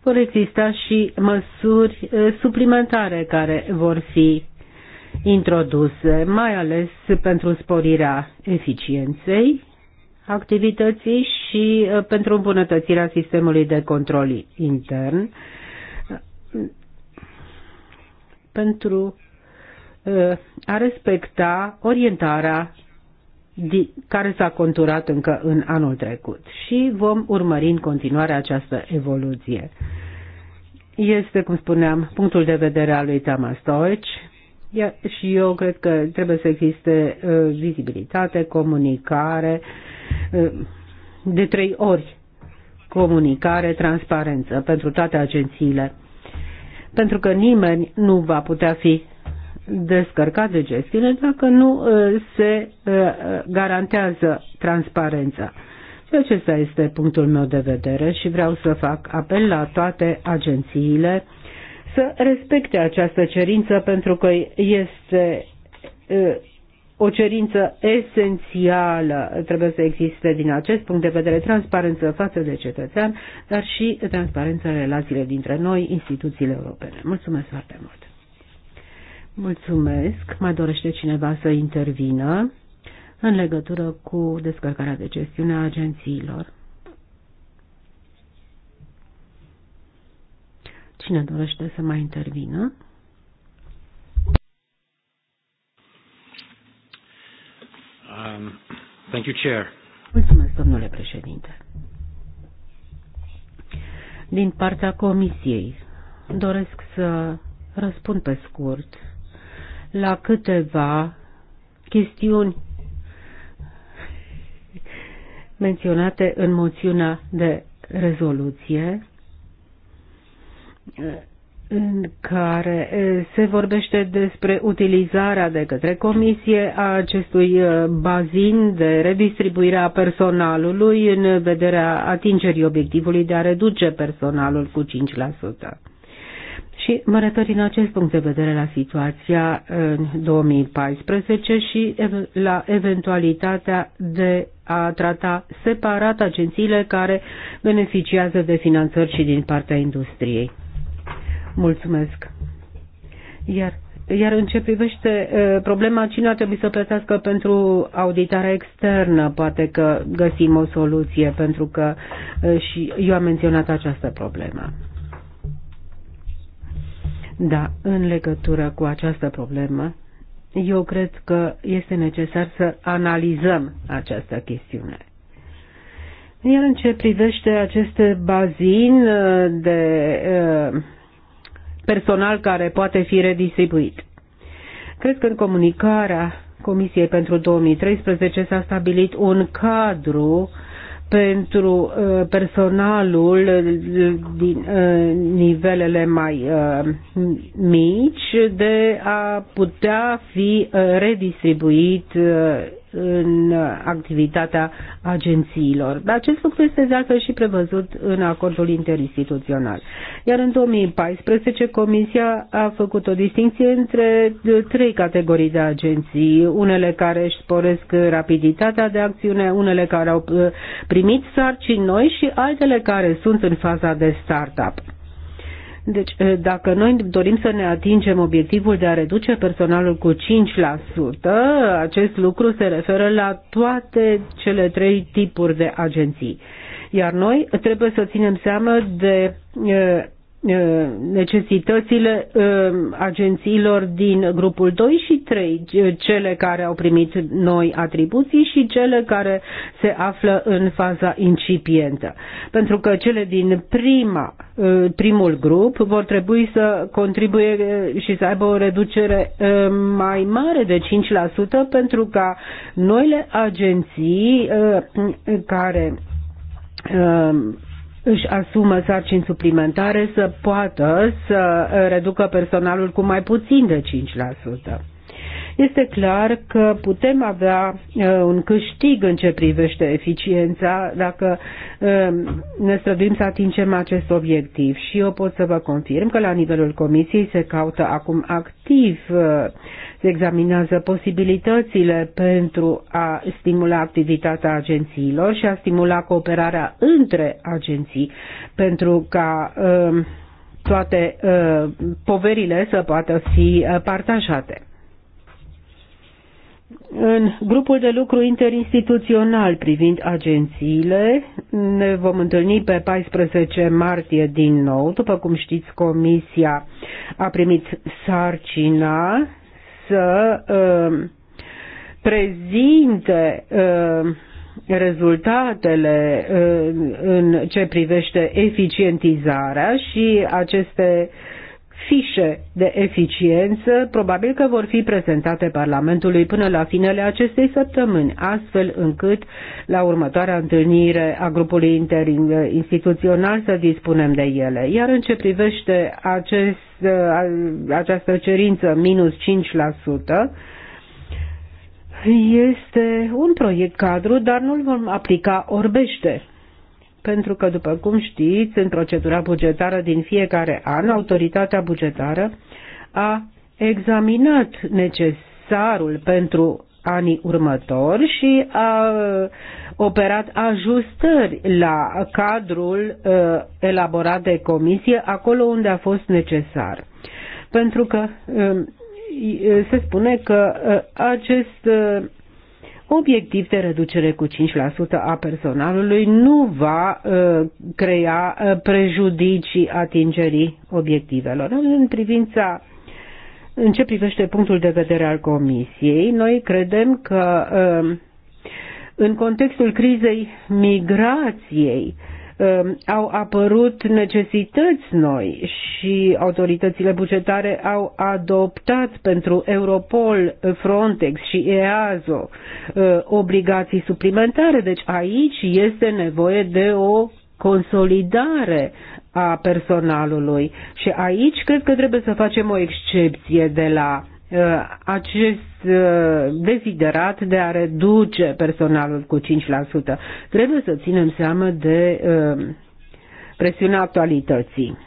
vor exista și măsuri eh, suplimentare care vor fi introduse, mai ales pentru sporirea eficienței activității și eh, pentru îmbunătățirea sistemului de control intern pentru ă, a respecta orientarea care s-a conturat încă în anul trecut și vom urmări în continuare această evoluție. Este, cum spuneam, punctul de vedere al lui Tama Stoici și eu cred că trebuie să existe uh, vizibilitate, comunicare, uh, de trei ori comunicare, transparență pentru toate agențiile pentru că nimeni nu va putea fi descărcat de gestiune dacă nu uh, se uh, garantează transparența. Și acesta este punctul meu de vedere și vreau să fac apel la toate agențiile să respecte această cerință pentru că este uh, o cerință esențială. Trebuie să existe din acest punct de vedere transparență față de cetățean, dar și transparență în relațiile dintre noi, instituțiile europene. Mulțumesc foarte mult! Mulțumesc! Mai dorește cineva să intervină în legătură cu descărcarea de gestiune a agențiilor? Cine dorește să mai intervină? Um, thank you, Chair. Mulțumesc, domnule președinte. Din partea Comisiei, doresc să răspund pe scurt la câteva chestiuni menționate în moțiunea de rezoluție în care se vorbește despre utilizarea de către comisie a acestui bazin de redistribuire a personalului în vederea atingerii obiectivului de a reduce personalul cu 5%. Și mă refer în acest punct de vedere la situația în 2014 și la eventualitatea de a trata separat agențiile care beneficiază de finanțări și din partea industriei. Mulțumesc. Iar iar în ce privește problema cine ar trebui să plătească pentru auditarea externă, poate că găsim o soluție, pentru că și eu am menționat această problemă. Da, în legătură cu această problemă, eu cred că este necesar să analizăm această chestiune. Iar în ce privește aceste bazin de uh, personal care poate fi redistribuit. Cred că în comunicarea Comisiei pentru 2013 s-a stabilit un cadru uh, pentru uh, personalul uh, din uh, nivelele mai mici de a putea fi redistribuit în activitatea agențiilor. Dar Acest lucru este de altfel și prevăzut în acordul interinstituțional. Iar în 2014 Comisia a făcut o distinție între trei categorii de agenții, unele care își sporesc rapiditatea de acțiune, unele care au primit primit sarcini noi și altele care sunt în faza de startup. Deci, eh, dacă noi dorim să ne atingem obiectivul de a reduce personalul cu 5%, acest lucru se referă la toate cele trei tipuri de agenții. Iar noi trebuie să ținem seama de eh, Uh, necesitățile uh, agențiilor din grupul 2 și 3, uh, cele care au primit noi atribuții și cele care se află în faza incipientă. Pentru că cele din prima, primul grup vor trebui să contribuie și să aibă o reducere mai mare de 5% pentru ca noile agenții care își asumă sarcini suplimentare să poată să reducă personalul cu mai puțin de 5%. Este clar că putem avea uh, un câștig în ce privește eficiența dacă uh, ne străduim să atingem acest obiectiv. Și eu pot să vă confirm că la nivelul Comisiei se caută acum activ, uh, se examinează posibilitățile pentru a stimula activitatea agențiilor și a stimula cooperarea între agenții pentru ca toate poverile să poată fi partajate. În grupul de lucru interinstituțional privind agențiile ne vom întâlni pe 14 martie din nou. După cum știți, Comisia a primit sarcina să uh, prezinte uh, rezultatele uh, în ce privește eficientizarea și aceste uh, fișe de eficiență, probabil că vor fi prezentate Parlamentului până la finele acestei săptămâni, astfel încât la următoarea întâlnire a grupului interinstituțional să dispunem de ele. Iar în ce privește acest, uh, această cerință minus 5%, este un proiect cadru, dar nu-l vom aplica orbește pentru că, după cum știți, în procedura bugetară din fiecare an, autoritatea bugetară a examinat necesarul pentru anii următori și a uh, operat ajustări la cadrul uh, elaborat de comisie acolo unde a fost necesar. Pentru că um, uh, se spune că acest obiectiv de reducere cu 5% a personalului nu va uh, crea uh, prejudicii atingerii obiectivelor. În privința în ce privește punctul de vedere al Comisiei, noi credem că uh, în contextul crizei migrației Um, au apărut necesități noi și autoritățile bugetare au adoptat pentru Europol, Frontex și EASO uh, obligații suplimentare. Deci aici este nevoie de o consolidare a personalului. Și aici cred că trebuie să facem o excepție de la Uh, acest uh, deziderat de a reduce personalul cu 5%. Trebuie să ținem seama de uh, presiunea actualității.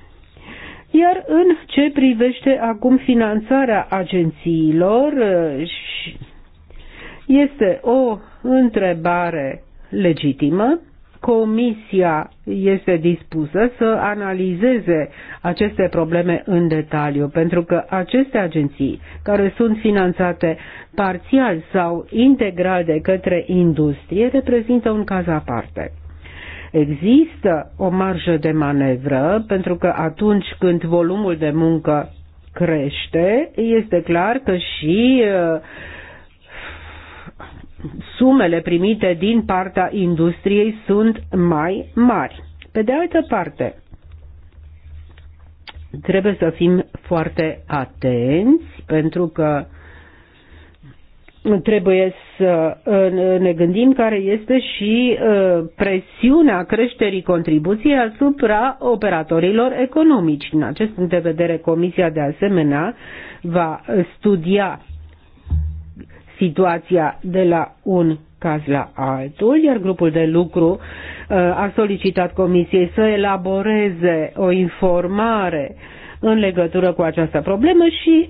Iar în ce privește acum finanțarea agențiilor, este o întrebare legitimă Comisia este dispusă să analizeze aceste probleme în detaliu, pentru că aceste agenții, care sunt finanțate parțial sau integral de către industrie, reprezintă un caz aparte. Există o marjă de manevră, pentru că atunci când volumul de muncă crește, este clar că și uh, sumele primite din partea industriei sunt mai mari. Pe de altă parte, trebuie să fim foarte atenți pentru că trebuie să ne gândim care este și ă, presiunea creșterii contribuției asupra operatorilor economici. În acest punct de vedere, Comisia de asemenea va studia situația de la un caz la altul, iar grupul de lucru uh, a solicitat Comisiei să elaboreze o informare uh, în legătură cu această problemă și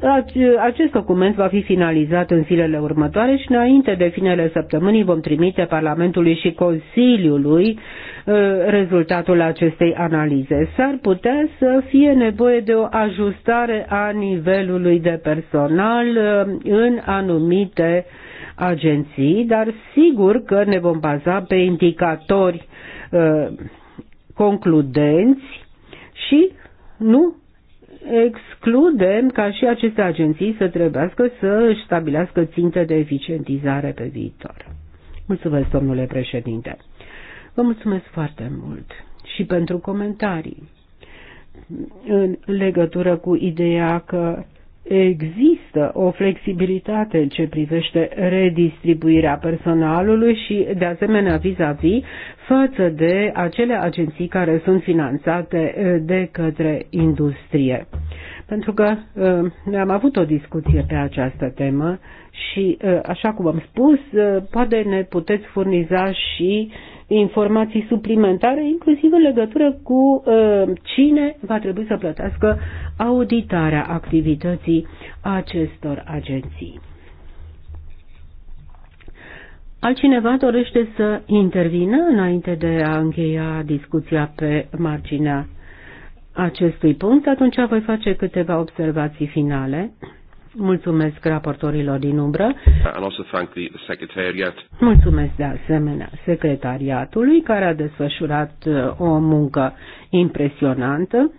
acest document va fi finalizat în zilele următoare și înainte de finele săptămânii vom trimite Parlamentului și Consiliului uh, rezultatul acestei analize. S-ar putea să fie nevoie de o ajustare a nivelului de personal uh, în anumite agenții, dar sigur că ne vom baza pe indicatori uh, concludenți și nu excludem ca și aceste agenții să trebuiască să își stabilească ținte de eficientizare pe viitor. Mulțumesc, domnule președinte. Vă mulțumesc foarte mult și pentru comentarii în legătură cu ideea că există o flexibilitate în ce privește redistribuirea personalului și, de asemenea, vis-a-vis -vis, față de acele agenții care sunt finanțate eh, de către industrie. Pentru că eh, am avut o discuție pe această temă și, eh, așa cum am spus, poate ne puteți furniza și uh, informații suplimentare, inclusiv în legătură cu ă, cine va trebui să plătească auditarea activității acestor agenții. Altcineva dorește să intervină înainte de a încheia discuția pe marginea acestui punct, atunci voi face câteva observații finale. Mulțumesc raportorilor din umbră. Mulțumesc de asemenea secretariatului care a desfășurat uh, o muncă impresionantă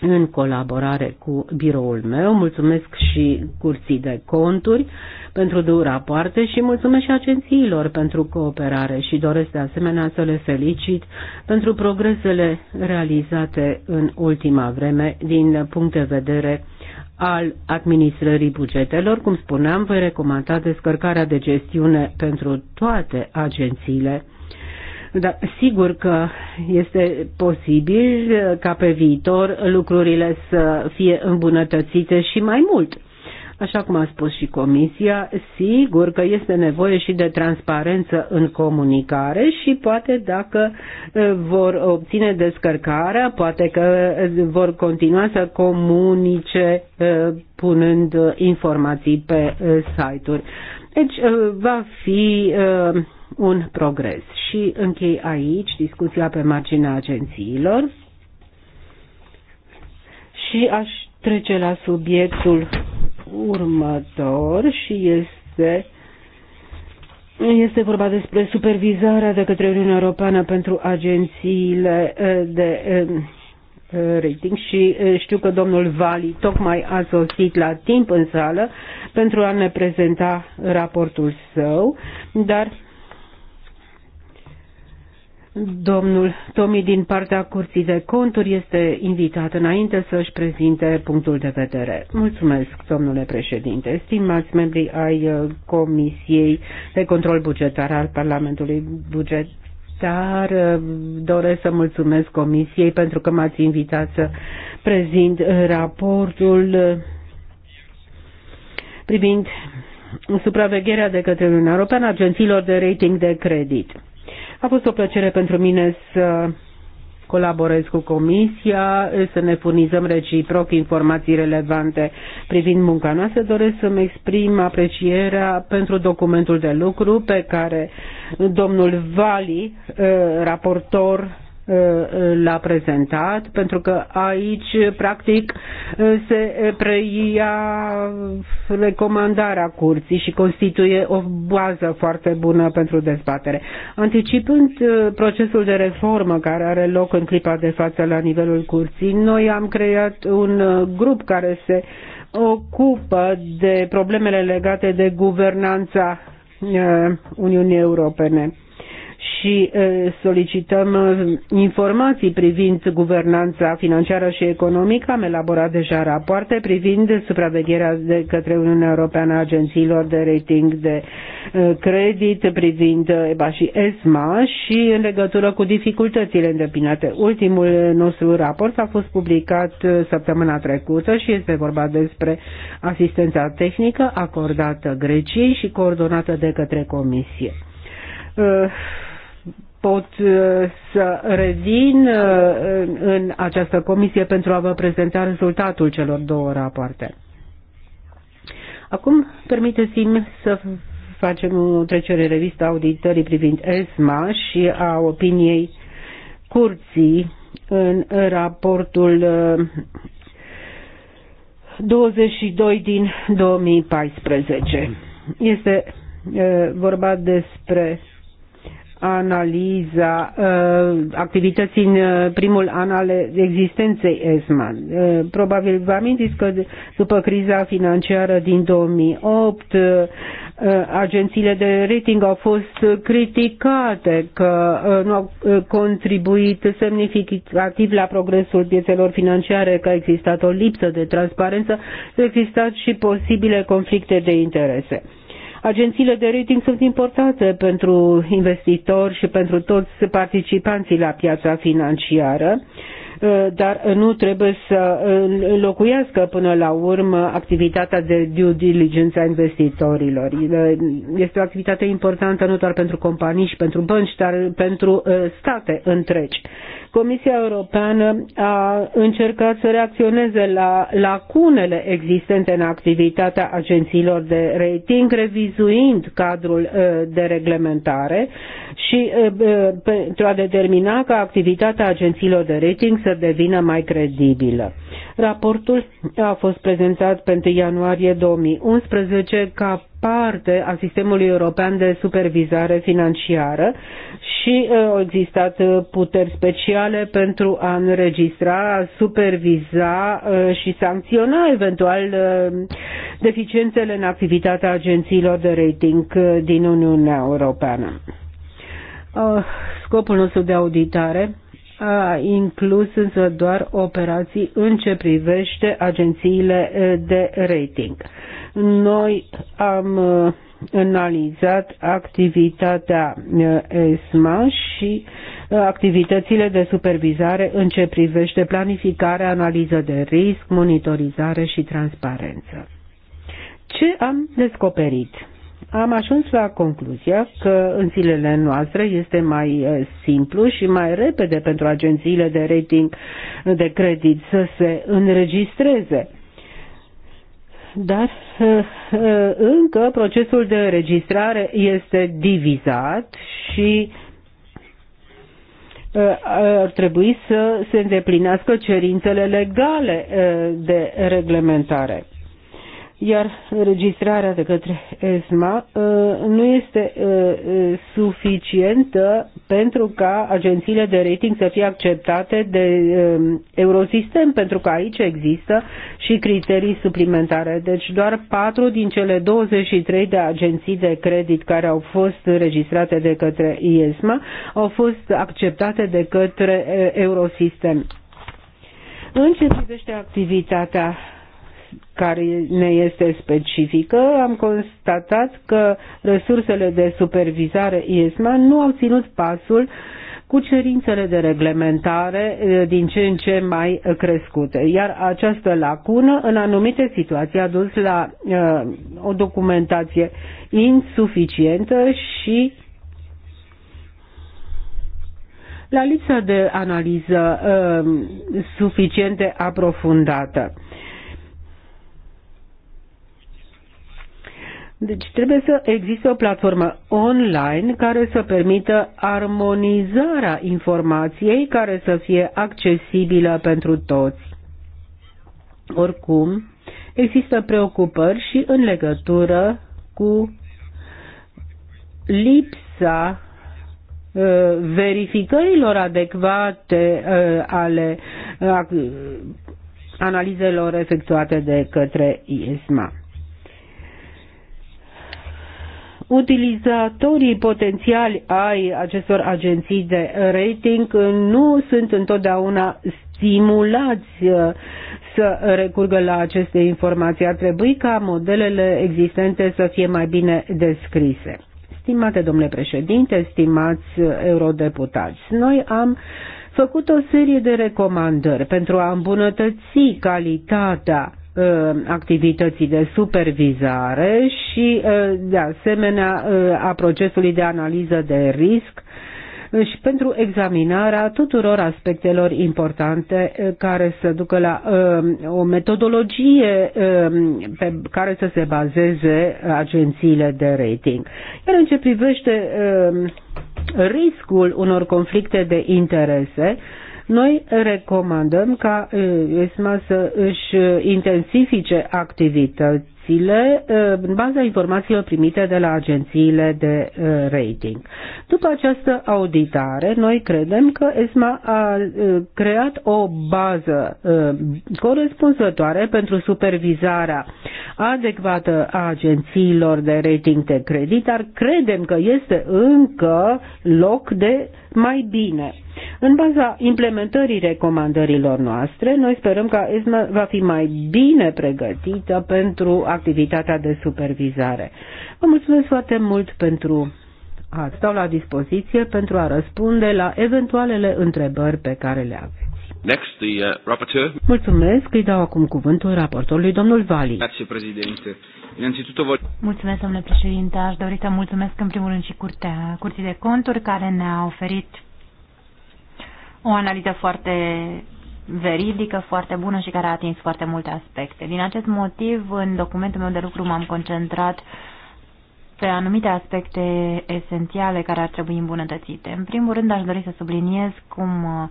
în colaborare cu biroul meu. Mulțumesc și curții de conturi pentru două rapoarte și mulțumesc și agențiilor pentru cooperare și doresc de asemenea să le felicit pentru progresele realizate în ultima vreme din punct de vedere al administrării bugetelor. Cum spuneam, voi recomanda descărcarea de gestiune pentru toate agențiile. Dar sigur că este posibil ca pe viitor lucrurile să fie îmbunătățite și mai mult. Așa cum a spus și Comisia, sigur că este nevoie și de transparență în comunicare și poate dacă vor obține descărcarea, poate că vor continua să comunice punând informații pe site-uri. Deci va fi un progres. Și închei aici discuția pe marginea agențiilor și aș trece la subiectul următor și este este vorba despre supervizarea de către Uniunea Europeană pentru agențiile eh, de eh, eh, rating și știu că domnul Vali tocmai a sosit la timp în sală pentru a ne prezenta raportul său, dar Domnul Tomi din partea Curții de Conturi este invitat înainte să își prezinte punctul de vedere. Mulțumesc, domnule președinte. Stimați membri ai uh, Comisiei de Control Bugetar al Parlamentului Buget dar uh, doresc să mulțumesc Comisiei pentru că m-ați invitat să prezint uh, raportul privind supravegherea de către Uniunea Europeană agențiilor de rating de credit. A fost o plăcere pentru mine să colaborez cu Comisia, să ne furnizăm reciproc informații relevante privind munca noastră. Doresc să-mi exprim aprecierea pentru documentul de lucru pe care domnul Vali, eh, raportor Uh, l-a prezentat, pentru că aici, practic, uh, se preia recomandarea curții și constituie o bază foarte bună pentru dezbatere. Anticipând uh, procesul de reformă care are loc în clipa de față la nivelul curții, noi am creat un grup care se ocupă de problemele legate de guvernanța Uniunii Europene și solicităm informații privind guvernanța financiară și economică. Am elaborat deja rapoarte privind supravegherea de către Uniunea Europeană a agențiilor de rating de credit, privind EBA și ESMA și în legătură cu dificultățile îndepinate. Ultimul nostru raport a fost publicat săptămâna trecută și este vorba despre asistența tehnică acordată Greciei și coordonată de către Comisie pot uh, să revin uh, în această comisie pentru a vă prezenta rezultatul celor două rapoarte. Acum, permiteți-mi să facem o trecere revistă auditării privind ESMA și a opiniei curții în raportul 22 uh, din 2014. Este vorba despre analiza uh, activității în uh, primul an al existenței ESMA. Uh, probabil vă amintiți că după criza financiară din 2008, uh, uh, agențiile de rating au fost criticate că uh, nu au uh, contribuit semnificativ la progresul piețelor financiare, că a existat o lipsă de transparență, că existat și posibile conflicte de interese. Uh, Agențiile de rating sunt importante pentru investitori și pentru toți participanții la piața financiară ă, dar nu trebuie să înlocuiască până la urmă activitatea de due diligence a investitorilor. Ă, este o activitate importantă nu doar pentru companii și pentru bănci, dar pentru ă, state întregi. Comisia Europeană a încercat să reacționeze la lacunele existente în activitatea agențiilor de rating, revizuind cadrul uh, de reglementare și uh, uh, pentru a determina ca activitatea agențiilor de rating să devină mai credibilă. Raportul a fost prezentat pentru ianuarie 2011 ca parte a sistemului european de supervizare financiară și uh, au existat puteri speciale pentru a înregistra, superviza uh, și sancționa eventual uh, deficiențele în activitatea agențiilor de rating din Uniunea Europeană. Scopul nostru de auditare a inclus însă doar operații în ce privește agențiile de rating. Noi am analizat activitatea ESMA și activitățile de supervizare în ce privește planificare, analiză de risc, monitorizare și transparență. Ce am descoperit? am ajuns la concluzia că în zilele noastre este mai eh, simplu și mai repede pentru agențiile de rating de credit să se înregistreze. Dar eh, eh, încă procesul de înregistrare este divizat și ar trebui să se îndeplinească cerințele legale de reglementare iar înregistrarea de către ESMA uh, nu este uh, uh, suficientă pentru ca agențiile de rating să fie acceptate de um, Eurosistem, pentru că aici există și criterii suplimentare. Deci doar 4 din cele 23 de agenții de credit care au fost înregistrate de către ESMA au fost acceptate de către Eurosistem. În ce privește activitatea care ne este specifică, am constatat că resursele de supervizare ISMA nu au ținut pasul cu cerințele de reglementare din ce în ce mai crescute. Iar această lacună, în anumite situații, a dus la uh, o documentație insuficientă și la lipsa de analiză uh, suficient de aprofundată. Uh, Deci trebuie să existe o platformă online care să permită armonizarea informației care să fie accesibilă pentru toți. Oricum, există preocupări și în legătură cu lipsa uh, verificărilor adecvate uh, ale uh, analizelor efectuate de către ISMA utilizatorii potențiali ai acestor agenții de rating nu sunt întotdeauna stimulați uh, să recurgă la aceste informații. Ar trebui ca modelele existente să fie mai bine descrise. Stimate domnule președinte, stimați uh, eurodeputați, noi am făcut o serie de recomandări pentru a îmbunătăți calitatea Uh, activității de supervizare și, uh, de asemenea, uh, a procesului de analiză de risc și pentru examinarea tuturor aspectelor importante care să ducă la o metodologie pe care să se bazeze agențiile de rating. Iar în ce privește riscul unor conflicte de interese, noi recomandăm ca ESMA să își intensifice activitățile în baza informațiilor primite de la agențiile de rating. După această auditare, noi credem că ESMA a creat o bază corespunzătoare pentru supervizarea adecvată a agențiilor de rating de credit, dar credem că este încă loc de mai bine. În baza implementării recomandărilor noastre, noi sperăm că ESMA va fi mai bine pregătită pentru activitatea de supervizare. Vă mulțumesc foarte mult pentru a sta la dispoziție pentru a răspunde la eventualele întrebări pe care le aveți. Next, the, uh, rapporteur. Mulțumesc, îi dau acum cuvântul raportorului domnul Vali. Grazie, președinte. Mulțumesc, domnule președinte. Aș dori să mulțumesc în primul rând și curtea, Curții de Conturi care ne-a oferit o analiză foarte veridică, foarte bună și care a atins foarte multe aspecte. Din acest motiv, în documentul meu de lucru m-am concentrat pe anumite aspecte esențiale care ar trebui îmbunătățite. În primul rând, aș dori să subliniez cum uh,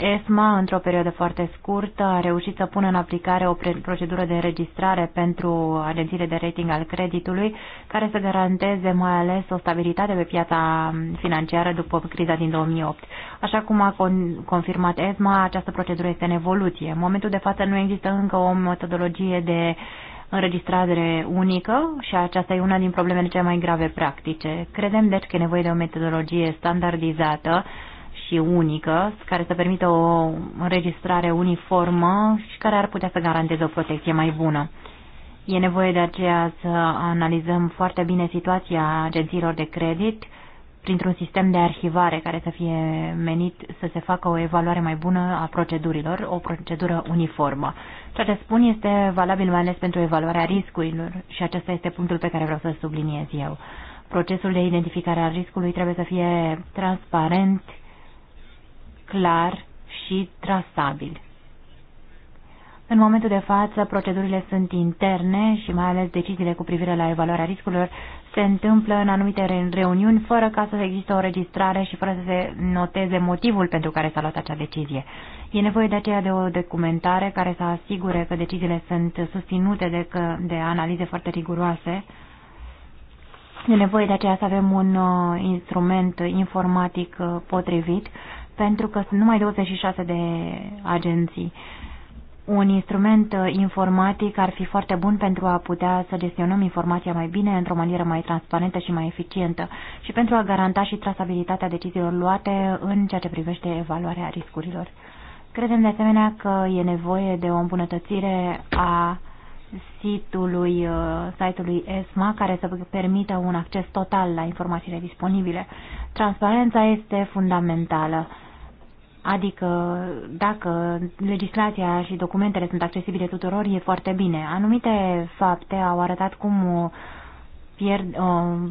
ESMA, într-o perioadă foarte scurtă, a reușit să pună în aplicare o procedură de înregistrare pentru agențiile de rating al creditului, care să garanteze mai ales o stabilitate pe piața financiară după criza din 2008. Așa cum a con confirmat ESMA, această procedură este în evoluție. În momentul de față nu există încă o metodologie de înregistrare unică și aceasta e una din problemele cele mai grave practice. Credem deci că e nevoie de o metodologie standardizată și unică care să permită o înregistrare uniformă și care ar putea să garanteze o protecție mai bună. E nevoie de aceea să analizăm foarte bine situația agențiilor de credit printr-un sistem de arhivare care să fie menit să se facă o evaluare mai bună a procedurilor, o procedură uniformă. Ceea ce spun este valabil mai ales pentru evaluarea riscurilor și acesta este punctul pe care vreau să-l subliniez eu. Procesul de identificare a riscului trebuie să fie transparent clar și trasabil. În momentul de față, procedurile sunt interne și mai ales deciziile cu privire la evaluarea riscurilor se întâmplă în anumite reuniuni fără ca să existe o registrare și fără să se noteze motivul pentru care s-a luat acea decizie. E nevoie de aceea de o documentare care să asigure că deciziile sunt susținute de, că, de analize foarte riguroase. E nevoie de aceea să avem un uh, instrument informatic uh, potrivit pentru că sunt numai 26 de agenții. Un instrument uh, informatic ar fi foarte bun pentru a putea să gestionăm informația mai bine, într-o manieră mai transparentă și mai eficientă și pentru a garanta și trasabilitatea deciziilor luate în ceea ce privește evaluarea riscurilor. Credem de asemenea că e nevoie de o îmbunătățire a site-ului, uh, site-ului ESMA care să permită un acces total la informațiile disponibile. Transparența este fundamentală Adică, dacă legislația și documentele sunt accesibile tuturor, e foarte bine. Anumite fapte au arătat cum o, uh, pierd, o uh,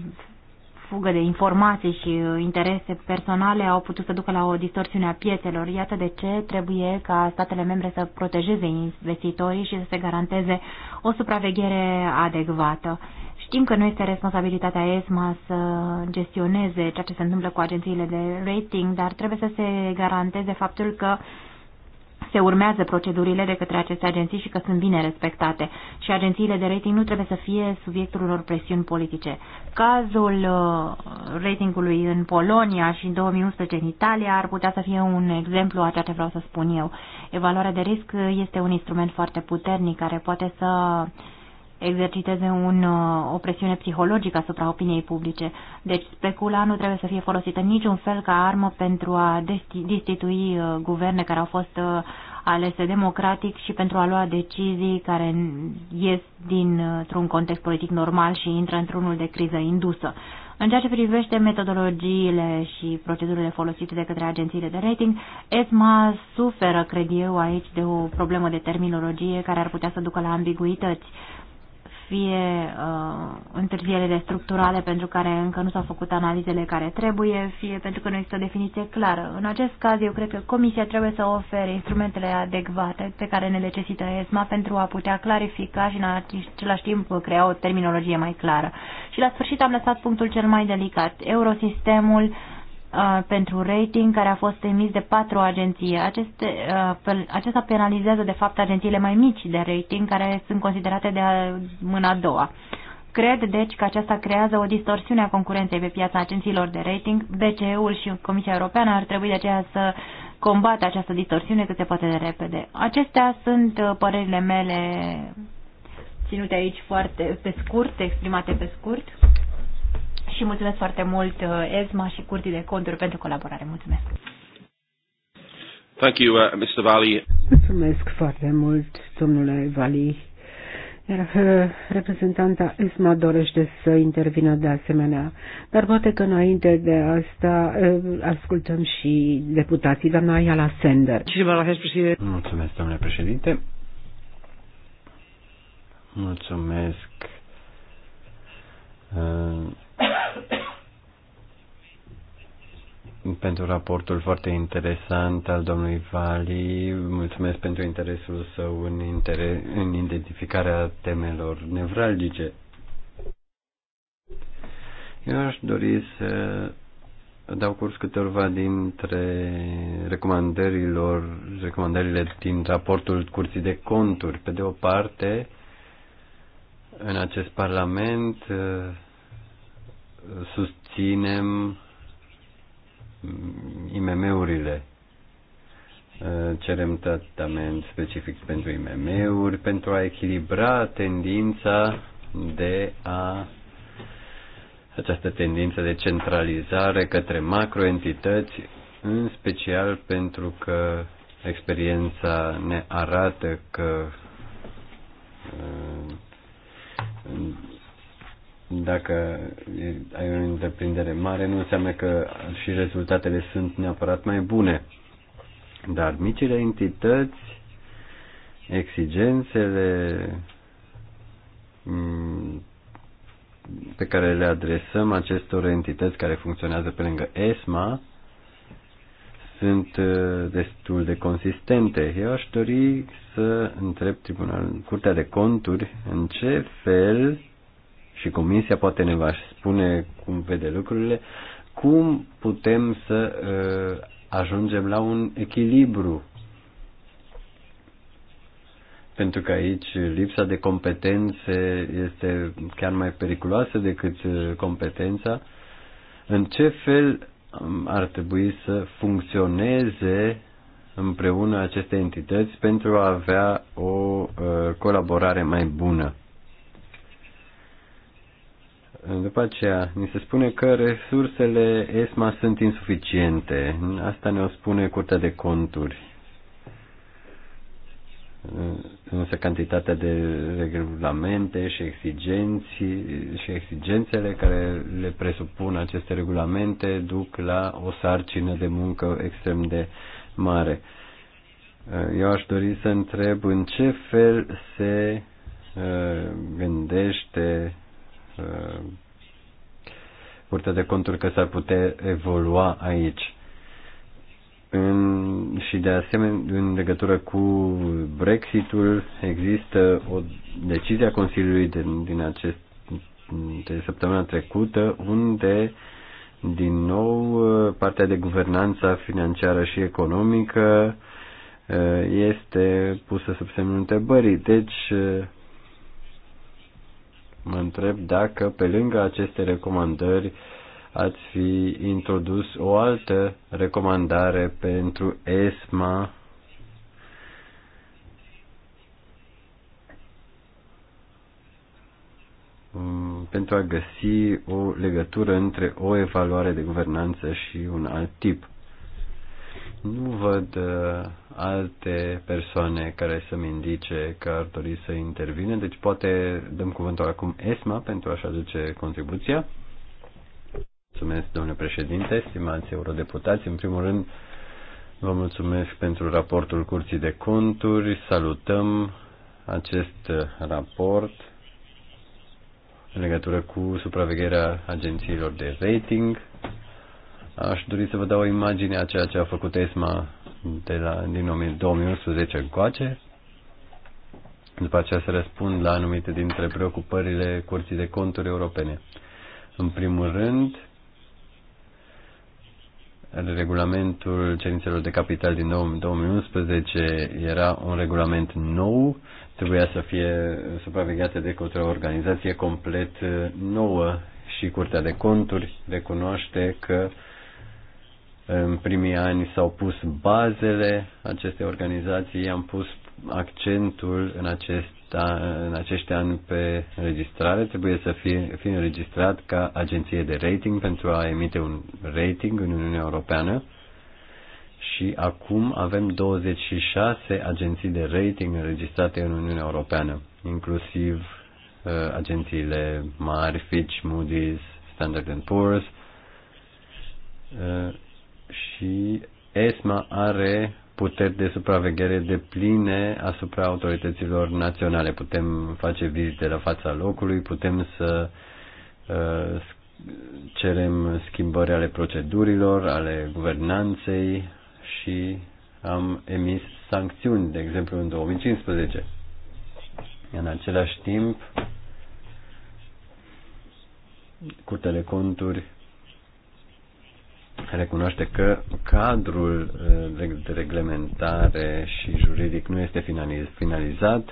fugă de informații și uh, interese personale au putut să ducă la o distorsiune a piețelor. Iată de ce trebuie ca statele membre să protejeze investitorii și să se garanteze o supraveghere adecvată. Știm că nu este responsabilitatea ESMA să gestioneze ceea ce se întâmplă cu agențiile de rating, dar trebuie să se garanteze faptul că se urmează procedurile de către aceste agenții și că sunt bine respectate. Și agențiile de rating nu trebuie să fie subiectul unor presiuni politice. Cazul uh, ratingului în Polonia și în 2011 în Italia ar putea să fie un exemplu a ceea ce vreau să spun eu. Evaluarea de risc este un instrument foarte puternic care poate să uh, exerciteze un, uh, o presiune psihologică asupra opiniei publice. Deci specula nu trebuie să fie folosită niciun fel ca armă pentru a destitui uh, guverne care au fost uh, alese democratic și pentru a lua decizii care ies dintr-un context politic normal și intră într-unul de criză indusă. În ceea ce privește metodologiile și procedurile folosite de către agențiile de rating, ESMA suferă, cred eu, aici de o problemă de terminologie care ar putea să ducă la ambiguități fie uh, întârzierile structurale pentru care încă nu s-au făcut analizele care trebuie, fie pentru că nu există o definiție clară. În acest caz, eu cred că Comisia trebuie să ofere instrumentele adecvate pe care ne necesită ESMA pentru a putea clarifica și în același timp crea o terminologie mai clară. Și la sfârșit am lăsat punctul cel mai delicat, eurosistemul uh, Uh, pentru rating care a fost emis de patru agenții. Aceste, uh, acesta penalizează de fapt agențiile mai mici de rating care sunt considerate de mâna a doua. Cred, deci, că aceasta creează o distorsiune a concurenței pe piața agențiilor de rating. BCE-ul și Comisia Europeană ar trebui de aceea să combată această distorsiune cât se poate de repede. Acestea sunt uh, părerile mele ținute aici foarte pe scurt, exprimate pe scurt și mulțumesc foarte mult uh, ESMA și Curții de Conturi pentru colaborare. Mulțumesc! Thank you, uh, Mr. Valley. Mulțumesc foarte mult, domnule Vali. Iar uh, reprezentanta ESMA dorește să intervină de asemenea. Dar poate că înainte de asta uh, ascultăm și deputații, doamna Ayala Sender. Mulțumesc, domnule președinte. Mulțumesc pentru raportul foarte interesant al domnului Vali. Mulțumesc pentru interesul său în, inter- în identificarea temelor nevralgice. Eu aș dori să dau curs câteva dintre recomandărilor, recomandările din raportul Curții de Conturi. Pe de o parte, în acest Parlament susținem IMM-urile. Uh, cerem tratament specific pentru IMM-uri pentru a echilibra tendința de a această tendință de centralizare către macroentități, în special pentru că experiența ne arată că uh, dacă ai o întreprindere mare, nu înseamnă că și rezultatele sunt neapărat mai bune. Dar micile entități, exigențele mm, pe care le adresăm acestor entități care funcționează pe lângă ESMA sunt uh, destul de consistente. Eu aș dori să întreb tribunal, Curtea de Conturi în ce fel și comisia poate ne va spune cum vede lucrurile, cum putem să uh, ajungem la un echilibru. Pentru că aici lipsa de competențe este chiar mai periculoasă decât uh, competența. În ce fel um, ar trebui să funcționeze împreună aceste entități pentru a avea o uh, colaborare mai bună? După aceea, ni se spune că resursele ESMA sunt insuficiente. Asta ne-o spune Curtea de Conturi. Însă cantitatea de regulamente și exigenții și exigențele care le presupun aceste regulamente duc la o sarcină de muncă extrem de mare. Eu aș dori să întreb în ce fel se uh, gândește Curtea uh, de Conturi că s-ar putea evolua aici. În, și de asemenea, în legătură cu Brexitul, există o decizie a Consiliului de, din acest, de săptămâna trecută, unde din nou partea de guvernanță financiară și economică uh, este pusă sub semnul întrebării. Deci, uh, mă întreb dacă pe lângă aceste recomandări ați fi introdus o altă recomandare pentru ESMA mm, pentru a găsi o legătură între o evaluare de guvernanță și un alt tip. Nu văd uh, alte persoane care să-mi indice că ar dori să intervine, deci poate dăm cuvântul acum ESMA pentru a-și aduce contribuția. Mulțumesc, domnule președinte, stimați eurodeputați. În primul rând, vă mulțumesc pentru raportul Curții de Conturi. Salutăm acest raport în legătură cu supravegherea agențiilor de rating. Aș dori să vă dau o imagine a ceea ce a făcut ESMA de la, din 2011 încoace. După aceea se răspund la anumite dintre preocupările Curții de Conturi Europene. În primul rând, regulamentul cerințelor de capital din 2011 era un regulament nou, trebuia să fie supravegheată de către o organizație complet uh, nouă și Curtea de Conturi recunoaște că uh, în primii ani s-au pus bazele acestei organizații, am pus accentul în, acest an, în acești ani pe înregistrare. Trebuie să fie, fie înregistrat ca agenție de rating pentru a emite un rating în Uniunea Europeană și acum avem 26 agenții de rating înregistrate în Uniunea Europeană, inclusiv uh, agențiile mari, Fitch, Moody's, Standard Poor's, ă, și ESMA are puteri de supraveghere de pline asupra autorităților naționale. Putem face vizite la fața locului, putem să uh, cerem schimbări ale procedurilor, ale guvernanței și am emis sancțiuni, de exemplu în 2015. În același timp, curtele Conturi recunoaște că cadrul eh, de reglementare și juridic nu este finalizat.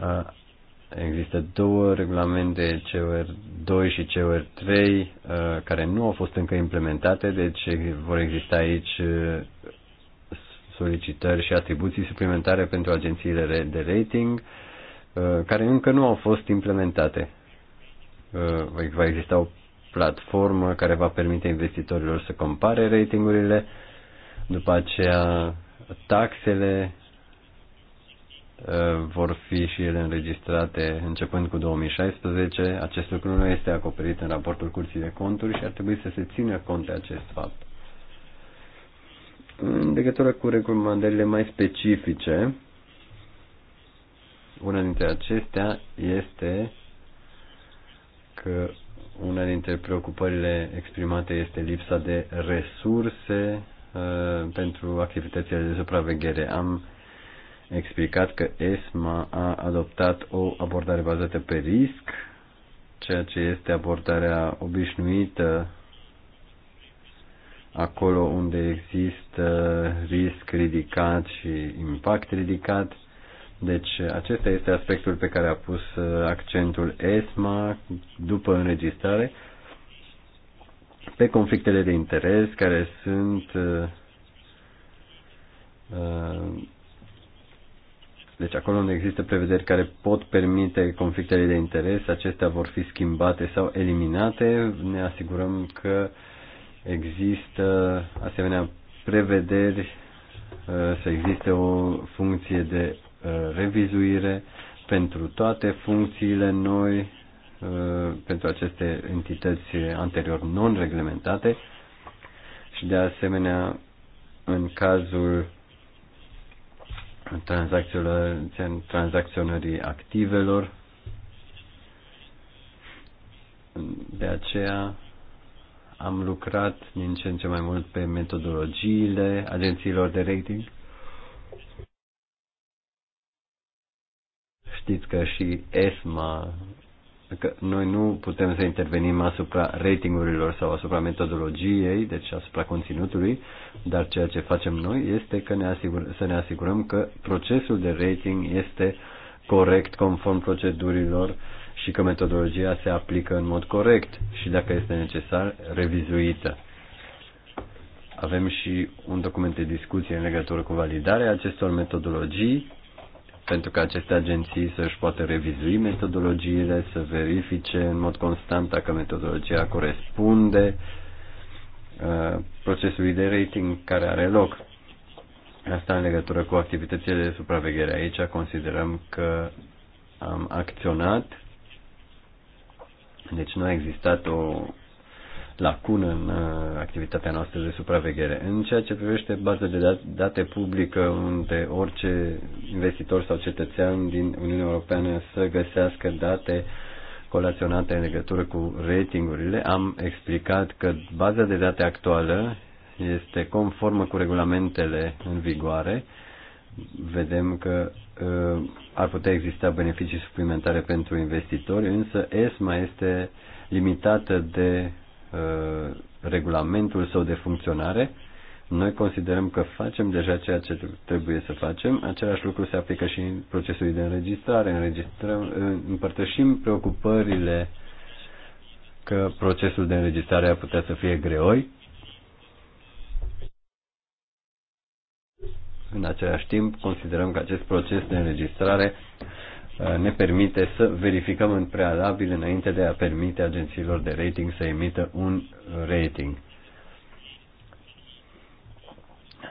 Eh, există două regulamente, CR2 și CR3, eh, care nu au fost încă implementate, deci vor exista aici solicitări și atribuții suplimentare pentru agențiile de rating, care încă nu au fost implementate. Va exista o platformă care va permite investitorilor să compare ratingurile, după aceea taxele uh, vor fi și ele înregistrate începând cu 2016. Acest lucru nu este acoperit în raportul Curții de Conturi și ar trebui să se țină cont de acest fapt. În legătură cu recomandările mai specifice, una dintre acestea este că una dintre preocupările exprimate este lipsa de resurse uh, pentru activitățile de supraveghere. Am explicat că ESMA a adoptat o abordare bazată pe risc, ceea ce este abordarea obișnuită acolo unde există risc ridicat și impact ridicat. Deci acesta este aspectul pe care a pus uh, accentul ESMA după înregistrare pe conflictele de interes care sunt uh, uh, deci acolo unde există prevederi care pot permite conflictele de interes, acestea vor fi schimbate sau eliminate. Ne asigurăm că există asemenea prevederi să existe o funcție de Uh, revizuire pentru toate funcțiile noi, uh, pentru aceste entități anterior non-reglementate și de asemenea în cazul tranzacționării activelor. De aceea am lucrat din ce în ce mai mult pe metodologiile agențiilor de rating Știți că și ESMA, că noi nu putem să intervenim asupra ratingurilor sau asupra metodologiei, deci asupra conținutului, dar ceea ce facem noi este că ne asigur, să ne asigurăm că procesul de rating este corect conform procedurilor și că metodologia se aplică în mod corect și dacă este necesar, revizuită. Avem și un document de discuție în legătură cu validarea acestor metodologii pentru că aceste agenții să-și poată revizui metodologiile, să verifice în mod constant dacă metodologia corespunde uh, procesului de rating care are loc. Asta în legătură cu activitățile de supraveghere. Aici considerăm că am acționat, deci nu a existat o lacună în uh, activitatea noastră de supraveghere. În ceea ce privește baza de date publică, unde orice investitor sau cetățean din Uniunea Europeană să găsească date colaționate în legătură cu ratingurile, am explicat că baza de date actuală este conformă cu regulamentele în vigoare. Vedem că uh, ar putea exista beneficii suplimentare pentru investitori, însă ESMA este limitată de Uh, regulamentul său de funcționare, noi considerăm că facem deja ceea ce trebuie să facem. Același lucru se aplică și în procesul de înregistrare. Înregistrăm, uh, împărtășim preocupările că procesul de înregistrare ar putea să fie greoi. În același timp, considerăm că acest proces de înregistrare Uh, ne permite să verificăm în prealabil înainte de a permite agențiilor de rating să emită un rating.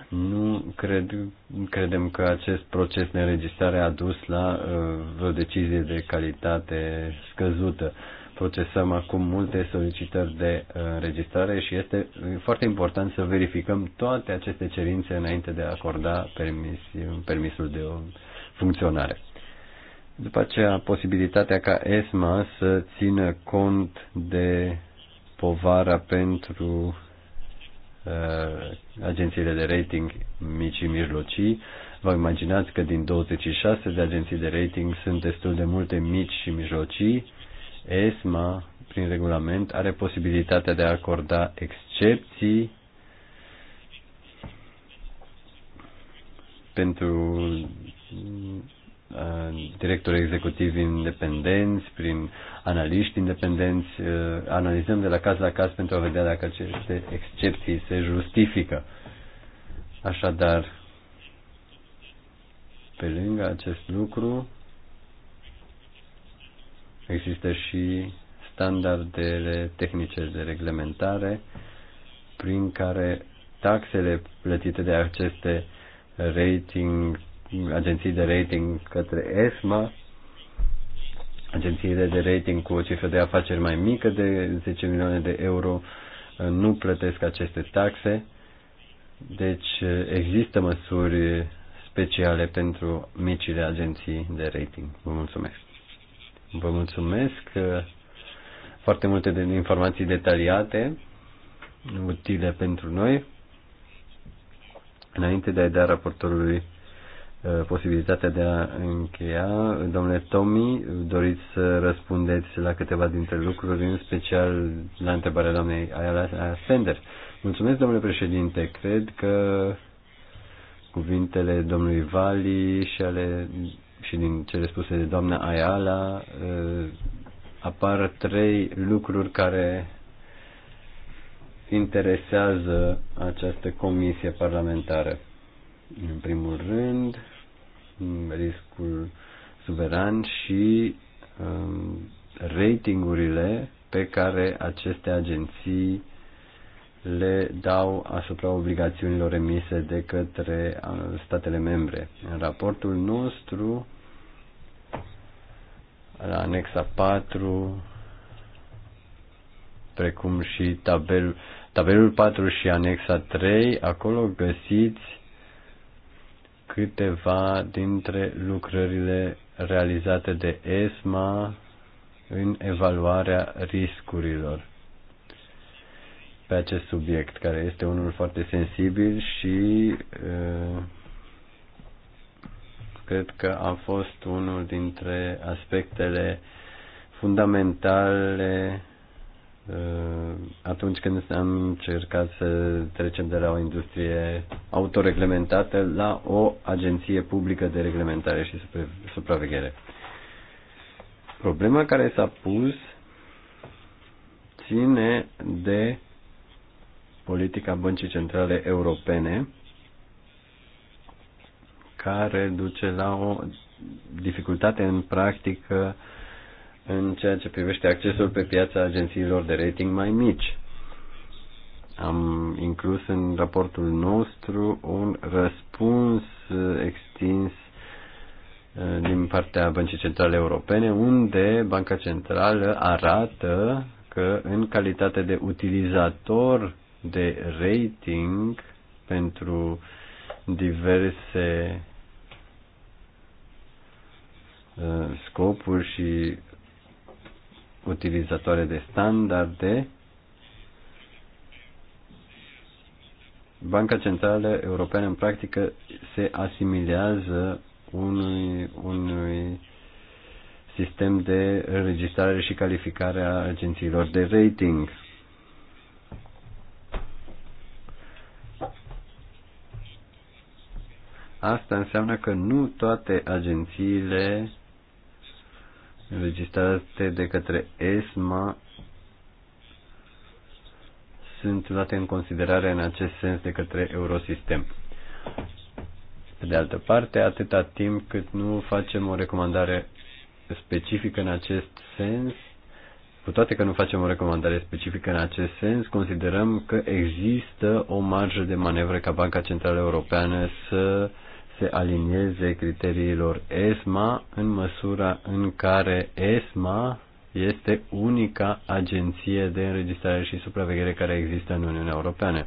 Nu cred, credem că acest proces de înregistrare a dus la uh, o decizie de calitate scăzută. Procesăm acum multe solicitări de uh, înregistrare și este uh, foarte important să verificăm toate aceste cerințe înainte de a acorda permis, permisul de funcționare. După aceea, posibilitatea ca ESMA să țină cont de povara pentru uh, agențiile de rating mici și mijlocii. Vă imaginați că din 26 de agenții de rating sunt destul de multe mici și mijlocii. ESMA, prin regulament, are posibilitatea de a acorda excepții pentru Uh, directori executivi independenți, prin analiști independenți, uh, analizăm de la caz la caz pentru a vedea dacă aceste excepții se justifică. Așadar, pe lângă acest lucru, există și standardele tehnice de reglementare prin care taxele plătite de aceste rating agenții de rating către ESMA, agențiile de rating cu o cifră de afaceri mai mică de 10 milioane de euro uh, nu plătesc aceste taxe. Deci uh, există măsuri speciale pentru micile agenții de rating. Vă mulțumesc. Vă mulțumesc. Uh, foarte multe de informații detaliate, utile pentru noi. Înainte de a-i da raportorului Uh, posibilitatea de a încheia. Domnule Tomi, doriți să răspundeți la câteva dintre lucruri, în special la întrebarea doamnei Ayala Sender. Mulțumesc, domnule președinte. Cred că cuvintele domnului Vali și, ale, și din cele spuse de doamna Ayala uh, apar trei lucruri care interesează această comisie parlamentară. În primul rând, riscul suveran și um, ratingurile pe care aceste agenții le dau asupra obligațiunilor emise de către uh, statele membre. În raportul nostru, la anexa 4, precum și tabel, tabelul 4 și anexa 3, acolo găsiți câteva dintre lucrările realizate de ESMA în evaluarea riscurilor pe acest subiect, care este unul foarte sensibil și uh, cred că a fost unul dintre aspectele fundamentale Eh, atunci când am încercat să trecem de la o industrie autoreglementată la o agenție publică de reglementare și supraveghere. Problema care s-a pus ține de politica Băncii Centrale Europene, care duce la o dificultate în practică în ceea ce privește accesul pe piața agențiilor de rating mai mici. Am inclus în raportul nostru un răspuns extins eh, din partea Băncii Centrale Europene, unde Banca Centrală arată că în calitate de utilizator de rating pentru diverse eh, scopuri și utilizatoare de standarde, Banca Centrală Europeană în practică se asimilează unui, unui sistem de înregistrare și calificare a agențiilor de rating. Asta înseamnă că nu toate agențiile înregistrate de către ESMA sunt luate în considerare în acest sens de către Eurosistem. Pe de altă parte, atâta timp cât nu facem o recomandare specifică în acest sens, cu toate că nu facem o recomandare specifică în acest sens, considerăm că există o marjă de manevră ca Banca Centrală Europeană să uh, se alinieze criteriilor ESMA în măsura în care ESMA este unica agenție de înregistrare și supraveghere care există în Uniunea Europeană.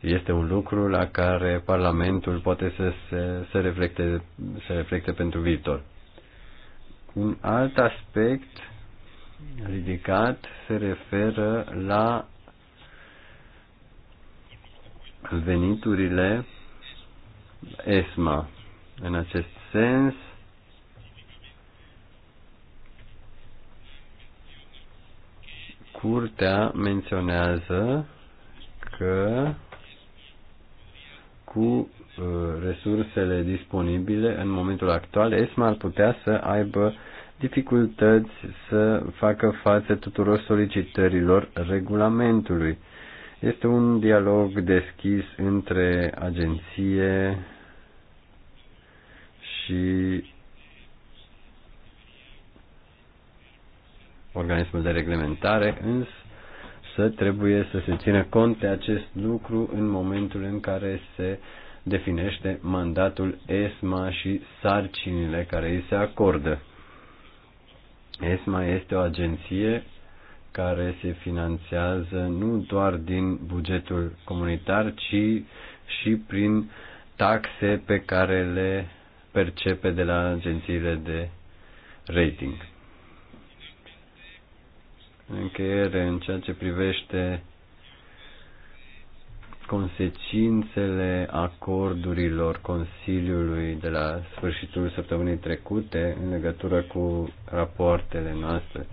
Este un lucru la care Parlamentul poate să se, se, reflecte, se reflecte pentru viitor. Un alt aspect ridicat se referă la veniturile ESMA. În acest sens, Curtea menționează că cu uh, resursele disponibile în momentul actual, ESMA ar putea să aibă uh, dificultăți să facă față tuturor solicitărilor regulamentului. Este un dialog deschis între agenție și organismul de reglementare, însă trebuie să se țină cont de acest lucru în momentul în care se definește mandatul ESMA și sarcinile care îi se acordă. ESMA este o agenție care se finanțează nu doar din bugetul comunitar, ci și prin taxe pe care le percepe de la agențiile de rating. Încheiere în ceea ce privește consecințele acordurilor Consiliului de la sfârșitul săptămânii trecute în legătură cu rapoartele noastre.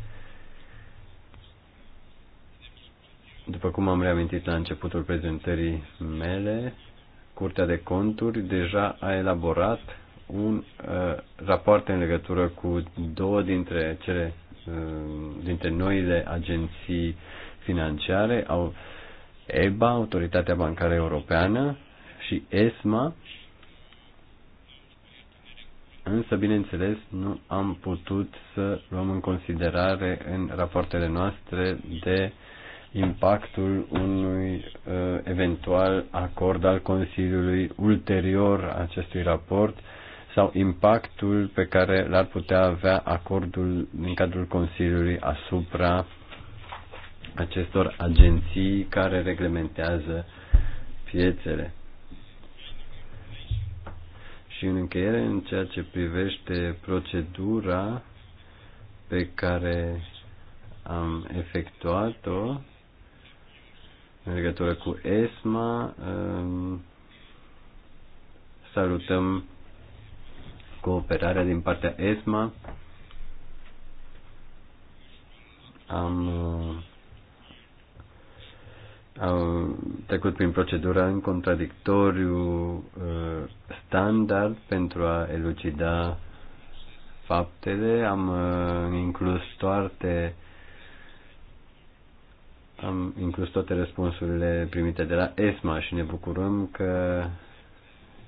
După cum am reamintit la începutul prezentării mele, Curtea de Conturi deja a elaborat un uh, rapoarte în legătură cu două dintre cele uh, dintre noile agenții financiare au uh, EBA, Autoritatea Bancară Europeană și ESMA, însă, bineînțeles, nu am putut să luăm în considerare în rapoartele noastre de impactul unui uh, eventual acord al Consiliului ulterior acestui raport sau impactul pe care l-ar putea avea acordul din cadrul Consiliului asupra acestor agenții care reglementează piețele. Și în încheiere, în ceea ce privește procedura pe care am efectuat-o în legătură cu ESMA, um, salutăm cooperarea din partea ESMA. Am uh, au trecut prin procedura în contradictoriu uh, standard pentru a elucida faptele. Am uh, inclus toate am inclus toate răspunsurile primite de la ESMA și ne bucurăm că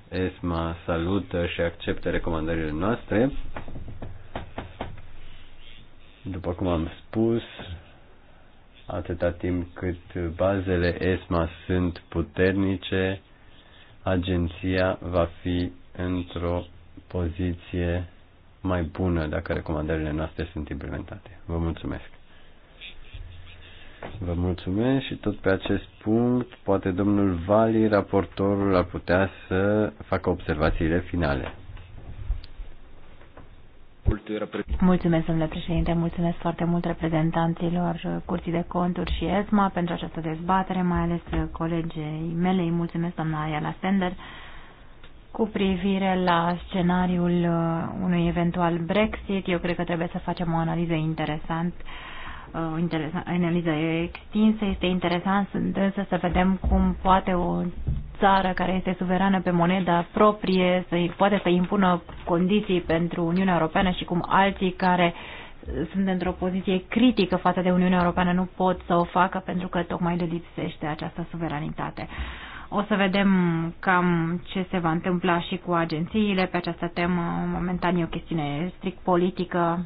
ESMA salută și acceptă recomandările noastre. După cum am spus, atâta timp cât bazele ESMA sunt puternice, agenția va fi într-o poziție mai bună dacă recomandările noastre sunt implementate. Vă mulțumesc! Vă mulțumesc și tot pe acest punct, poate domnul Vali, raportorul, ar putea să facă observațiile finale. Mulțumesc, domnule președinte, mulțumesc foarte mult reprezentanților Curții de Conturi și ESMA pentru această dezbatere, mai ales colegei mele, îi mulțumesc doamna Ayala Sender, cu privire la scenariul uh, unui eventual Brexit, eu cred că trebuie să facem o analiză interesantă Uh, e extinsă. Este interesant însă să vedem cum poate o țară care este suverană pe moneda proprie să poate să impună condiții pentru Uniunea Europeană și cum alții care sunt într-o poziție critică față de Uniunea Europeană nu pot să o facă pentru că tocmai le lipsește această suveranitate. O să vedem cam ce se va întâmpla și cu agențiile pe această temă. Momentan e o chestiune strict politică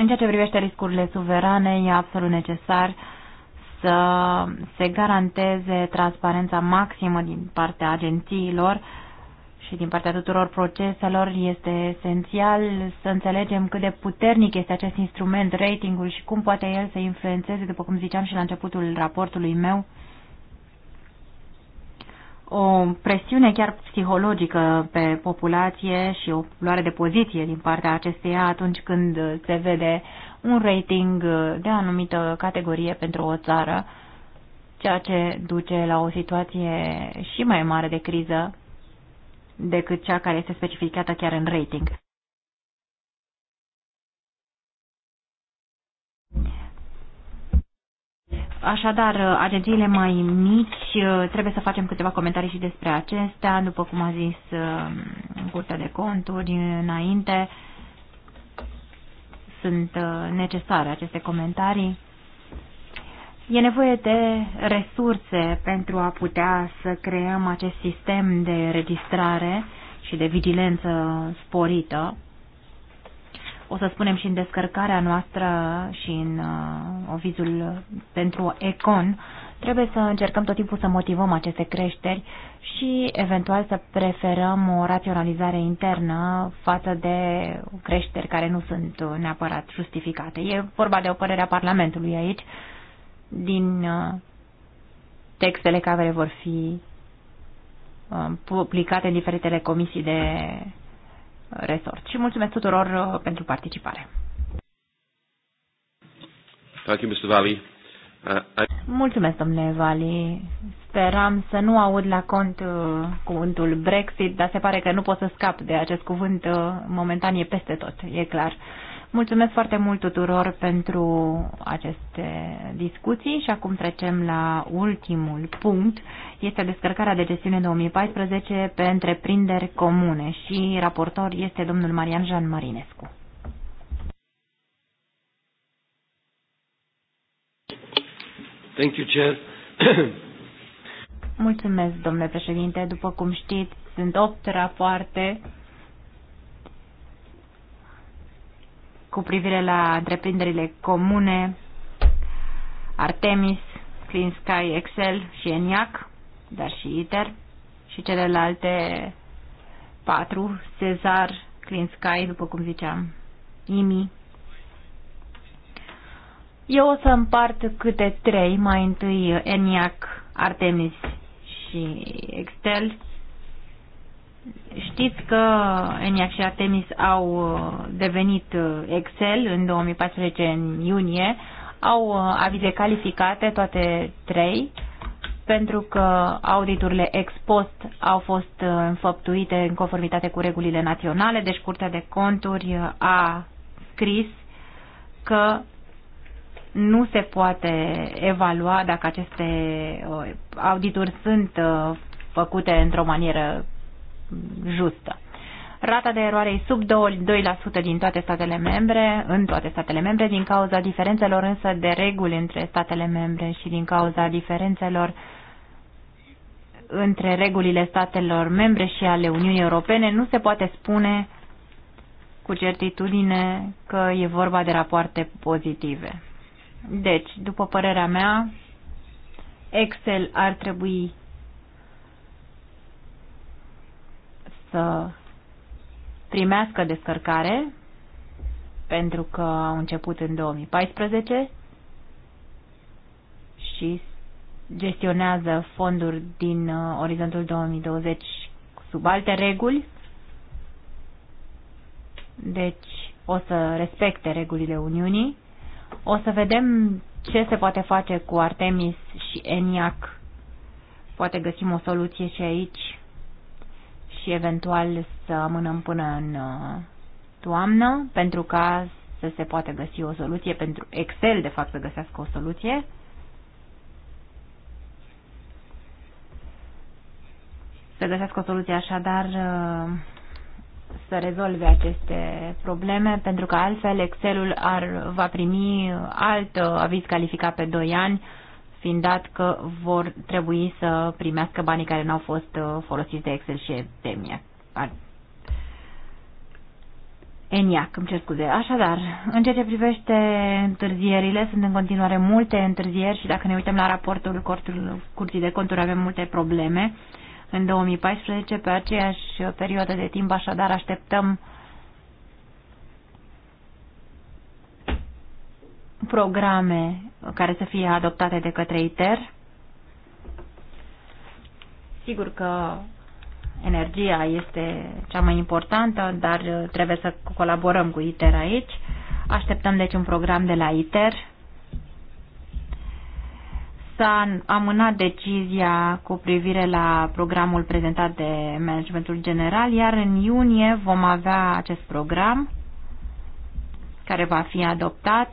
În ceea ce privește riscurile suverane, e absolut necesar să se garanteze transparența maximă din partea agențiilor și din partea tuturor proceselor. Este esențial să înțelegem cât de puternic este acest instrument, ratingul și cum poate el să influențeze, după cum ziceam și la începutul raportului meu, o presiune chiar psihologică pe populație și o luare de poziție din partea acesteia atunci când se vede un rating de anumită categorie pentru o țară, ceea ce duce la o situație și mai mare de criză decât cea care este specificată chiar în rating. Așadar, agențiile mai mici, uh, trebuie să facem câteva comentarii și despre acestea, după cum a zis um, Curtea de Conturi înainte, sunt uh, necesare aceste comentarii. E nevoie de resurse pentru a putea să creăm acest sistem de registrare și de vigilență sporită o să spunem și în descărcarea noastră și în uh, avizul pentru Econ, trebuie să încercăm tot timpul să motivăm aceste creșteri și eventual să preferăm o raționalizare internă față de creșteri care nu sunt neapărat justificate. E vorba de o părere a Parlamentului aici, din uh, textele care vor fi uh, publicate în diferitele comisii de resort. Și mulțumesc tuturor uh, pentru participare. Thank you, Mr. Valley. Uh, I... Mulțumesc, domnule Vali. Speram să nu aud la cont uh, cuvântul Brexit, dar se pare că nu pot să scap de acest cuvânt. Uh, momentan e peste tot, e clar. Mulțumesc foarte mult tuturor pentru aceste discuții și acum trecem la ultimul punct. Este descărcarea de gestiune 2014 pe întreprinderi comune și raportor este domnul Marian Jean Marinescu. Thank you, Chair. Mulțumesc, domnule președinte. După cum știți, sunt opt rapoarte cu privire la întreprinderile comune, Artemis, Clean Sky, Excel și ENIAC, dar și ITER și celelalte patru, Cezar, Clean Sky, după cum ziceam, IMI. Eu o să împart câte trei, mai întâi ENIAC, Artemis și Excel Știți că ENIAC și Artemis au uh, devenit uh, Excel în 2014, în iunie. Au uh, avize calificate, toate trei, pentru că auditurile ex post au fost înfăptuite în conformitate cu regulile naționale, deci Curtea de Conturi a scris că nu se poate evalua dacă aceste audituri sunt făcute într-o manieră justă. Rata de eroare e sub 2% din toate statele membre, în toate statele membre, din cauza diferențelor însă de reguli între statele membre și din cauza diferențelor între regulile statelor membre și ale Uniunii Europene, nu se poate spune cu certitudine că e vorba de rapoarte pozitive. Deci, după părerea mea, Excel ar trebui să primească descărcare pentru că au început în 2014 și gestionează fonduri din uh, orizontul 2020 sub alte reguli. Deci o să respecte regulile Uniunii. O să vedem ce se poate face cu Artemis și ENIAC. Poate găsim o soluție și aici și eventual să amânăm până în uh, toamnă pentru ca să se poate găsi o soluție, pentru Excel de fapt să găsească o soluție. Să găsească o soluție așadar uh, să rezolve aceste probleme, pentru că altfel Excelul ar, va primi alt uh, aviz calificat pe 2 ani fiind dat că vor trebui să primească banii care nu au fost uh, folosiți de Excel și Etemia. ENIAC, îmi cer scuze. Așadar, în ceea ce privește întârzierile, sunt în continuare multe întârzieri și dacă ne uităm la raportul Curții de Conturi avem multe probleme. În 2014, pe aceeași perioadă de timp, așadar, așteptăm uh, programe care să fie adoptate de către ITER. Sigur că energia este cea mai importantă, dar trebuie să colaborăm cu ITER aici. Așteptăm deci un program de la ITER. S-a amânat decizia cu privire la programul prezentat de managementul general, iar în iunie vom avea acest program care va fi adoptat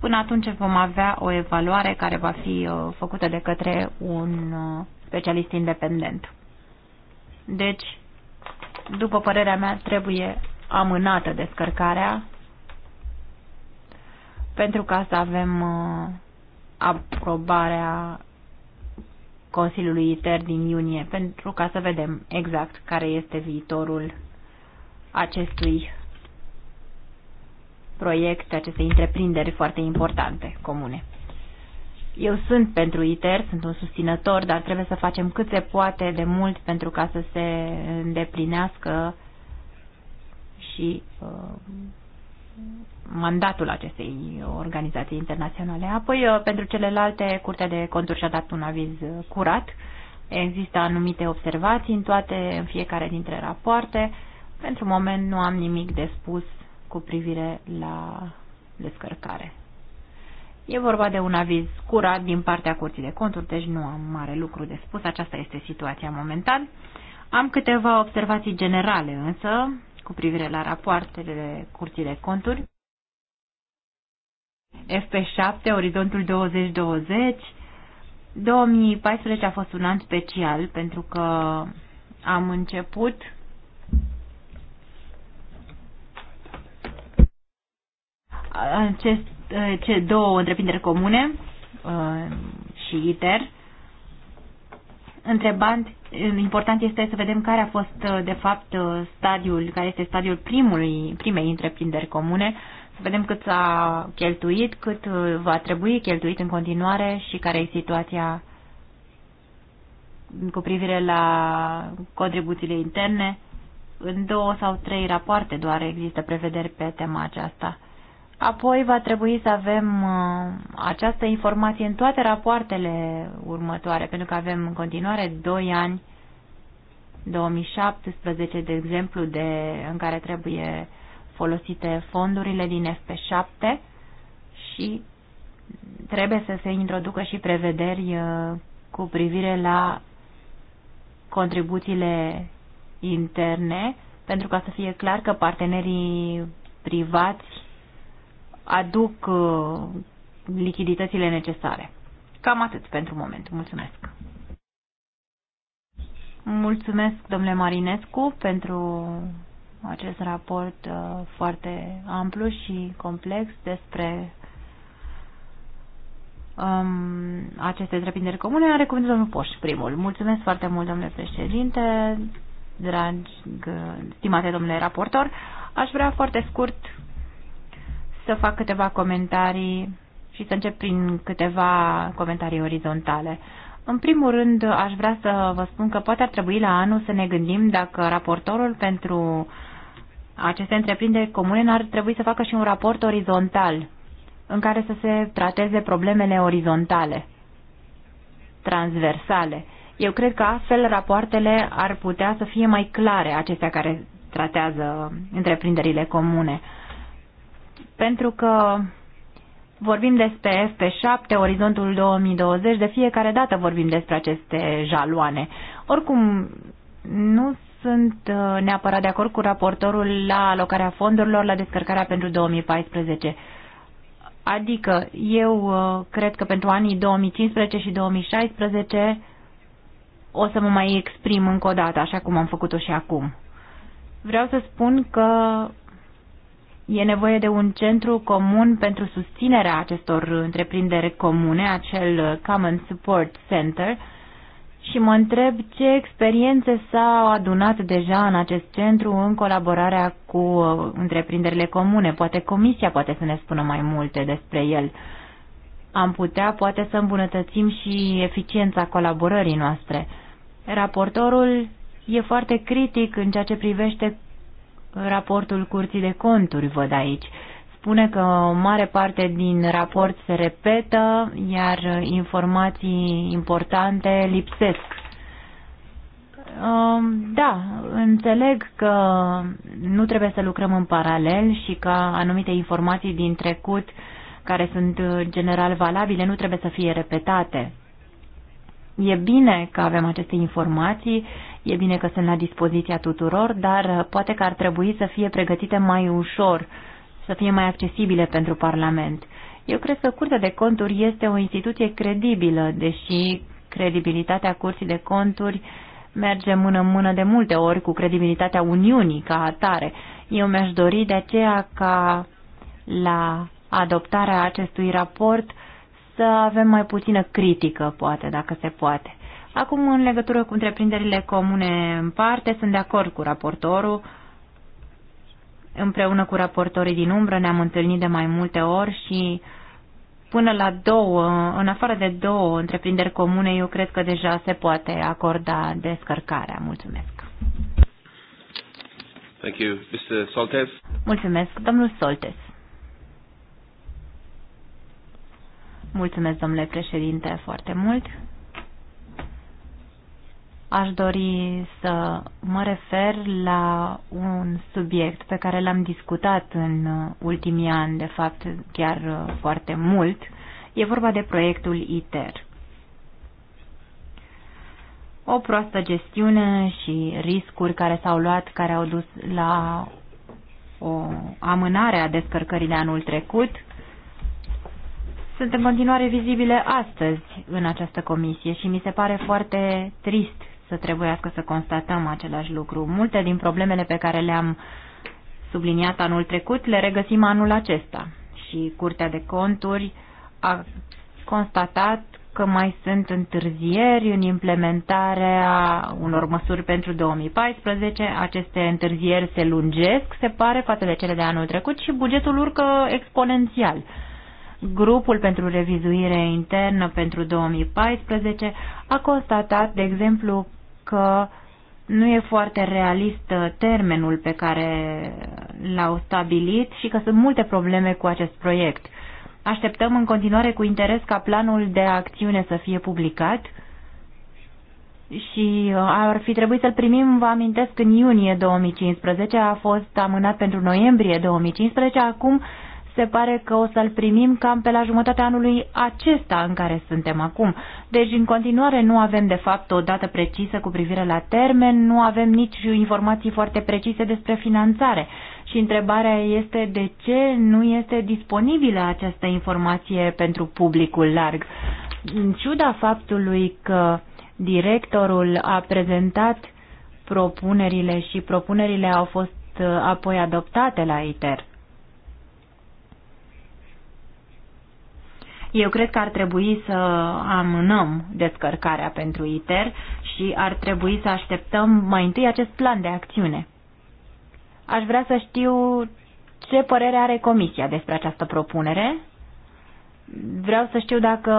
Până atunci vom avea o evaluare care va fi uh, făcută de către un uh, specialist independent. Deci, după părerea mea, trebuie amânată descărcarea pentru ca să avem uh, aprobarea Consiliului ITER din iunie, pentru ca să vedem exact care este viitorul acestui proiecte, aceste întreprinderi foarte importante, comune. Eu sunt pentru ITER, sunt un susținător, dar trebuie să facem cât se poate de mult pentru ca să se îndeplinească și uh, mandatul acestei organizații internaționale. Apoi, uh, pentru celelalte, Curtea de Conturi și-a dat un aviz uh, curat. Există anumite observații în toate, în fiecare dintre rapoarte. Pentru moment nu am nimic de spus cu privire la descărcare. E vorba de un aviz curat din partea Curții de Conturi, deci nu am mare lucru de spus, aceasta este situația momentan. Am câteva observații generale însă cu privire la rapoartele Curții de Conturi. FP7, Orizontul 2020. 2014 a fost un an special pentru că am început aceste eh, două întreprinderi comune eh, și ITER, întrebant, eh, important este să vedem care a fost, de fapt, stadiul, care este stadiul primului, primei întreprinderi comune, să vedem cât s-a cheltuit, cât va trebui cheltuit în continuare și care e situația cu privire la contribuțiile interne. În două sau trei rapoarte doar există prevederi pe tema aceasta. Apoi va trebui să avem uh, această informație în toate rapoartele următoare, pentru că avem în continuare 2 ani, 2017, de exemplu, de, în care trebuie folosite fondurile din FP7 și trebuie să se introducă și prevederi uh, cu privire la contribuțiile interne, pentru ca să fie clar că partenerii privați aduc uh, lichiditățile necesare. Cam atât pentru moment. Mulțumesc. Mulțumesc, domnule Marinescu, pentru acest raport uh, foarte amplu și complex despre um, aceste întreprinderi comune. Am recomandat domnul Poș, primul. Mulțumesc foarte mult, domnule președinte, dragi, stimate domnule raportor. Aș vrea foarte scurt să fac câteva comentarii și să încep prin câteva comentarii orizontale. În primul rând, aș vrea să vă spun că poate ar trebui la anul să ne gândim dacă raportorul pentru aceste întreprinderi comune ar trebui să facă și un raport orizontal în care să se trateze problemele orizontale, transversale. Eu cred că astfel rapoartele ar putea să fie mai clare, acestea care tratează întreprinderile comune pentru că vorbim despre FP7, orizontul 2020, de fiecare dată vorbim despre aceste jaloane. Oricum, nu sunt uh, neapărat de acord cu raportorul la alocarea fondurilor la descărcarea pentru 2014. Adică eu uh, cred că pentru anii 2015 și 2016 o să mă mai exprim încă o dată, așa cum am făcut-o și acum. Vreau să spun că E nevoie de un centru comun pentru susținerea acestor întreprinderi comune, acel Common Support Center, și mă întreb ce experiențe s-au adunat deja în acest centru în colaborarea cu uh, întreprinderile comune. Poate comisia poate să ne spună mai multe despre el. Am putea poate să îmbunătățim și eficiența colaborării noastre. Raportorul e foarte critic în ceea ce privește raportul Curții de Conturi, văd aici. Spune că o mare parte din raport se repetă, iar informații importante lipsesc. Um, da, înțeleg că nu trebuie să lucrăm în paralel și că anumite informații din trecut care sunt uh, general valabile nu trebuie să fie repetate. E bine că avem aceste informații, E bine că sunt la dispoziția tuturor, dar uh, poate că ar trebui să fie pregătite mai ușor, să fie mai accesibile pentru Parlament. Eu cred că Curtea de Conturi este o instituție credibilă, deși credibilitatea Curții de Conturi merge mână-mână de multe ori cu credibilitatea Uniunii ca atare. Eu mi-aș dori de aceea ca la adoptarea acestui raport să avem mai puțină critică, poate, dacă se poate. Acum, în legătură cu întreprinderile comune în parte, sunt de acord cu raportorul. Împreună cu raportorii din umbră ne-am întâlnit de mai multe ori și până la două, în afară de două întreprinderi comune, eu cred că deja se poate acorda descărcarea. Mulțumesc. Thank you. Mr. Soltes. Mulțumesc, domnul Soltes. Mulțumesc, domnule președinte, foarte mult aș dori să mă refer la un subiect pe care l-am discutat în ultimii ani, de fapt chiar uh, foarte mult. E vorba de proiectul ITER. O proastă gestiune și riscuri care s-au luat, care au dus la o amânare a descărcării de anul trecut, sunt în continuare vizibile astăzi în această comisie și mi se pare foarte trist să trebuiască să constatăm același lucru. Multe din problemele pe care le-am subliniat anul trecut le regăsim anul acesta și Curtea de Conturi a constatat că mai sunt întârzieri în implementarea unor măsuri pentru 2014. Aceste întârzieri se lungesc, se pare, față de cele de anul trecut și bugetul urcă exponențial. Grupul pentru revizuire internă pentru 2014 a constatat, de exemplu, că nu e foarte realist uh, termenul pe care l-au stabilit și că sunt multe probleme cu acest proiect. Așteptăm în continuare cu interes ca planul de acțiune să fie publicat și uh, ar fi trebuit să-l primim, vă amintesc, în iunie 2015, a fost amânat pentru noiembrie 2015, acum se pare că o să-l primim cam pe la jumătatea anului acesta în care suntem acum. Deci, în continuare, nu avem, de fapt, o dată precisă cu privire la termen, nu avem nici informații foarte precise despre finanțare. Și întrebarea este de ce nu este disponibilă această informație pentru publicul larg. În ciuda faptului că directorul a prezentat propunerile și propunerile au fost uh, apoi adoptate la ITER. Eu cred că ar trebui să amânăm descărcarea pentru ITER și ar trebui să așteptăm mai întâi acest plan de acțiune. Aș vrea să știu ce părere are Comisia despre această propunere. Vreau să știu dacă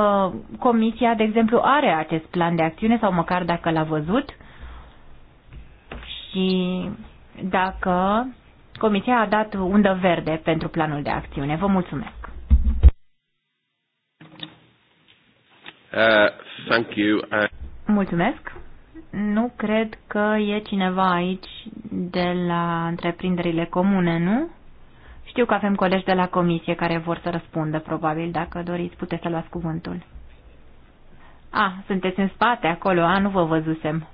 Comisia, de exemplu, are acest plan de acțiune sau măcar dacă l-a văzut și dacă Comisia a dat undă verde pentru planul de acțiune. Vă mulțumesc! Uh, thank you. Uh, Mulțumesc. Nu cred că e cineva aici de la întreprinderile comune, nu? Știu că avem colegi de la comisie care vor să răspundă, probabil, dacă doriți, puteți să luați cuvântul. A, sunteți în spate, acolo, a, nu vă văzusem.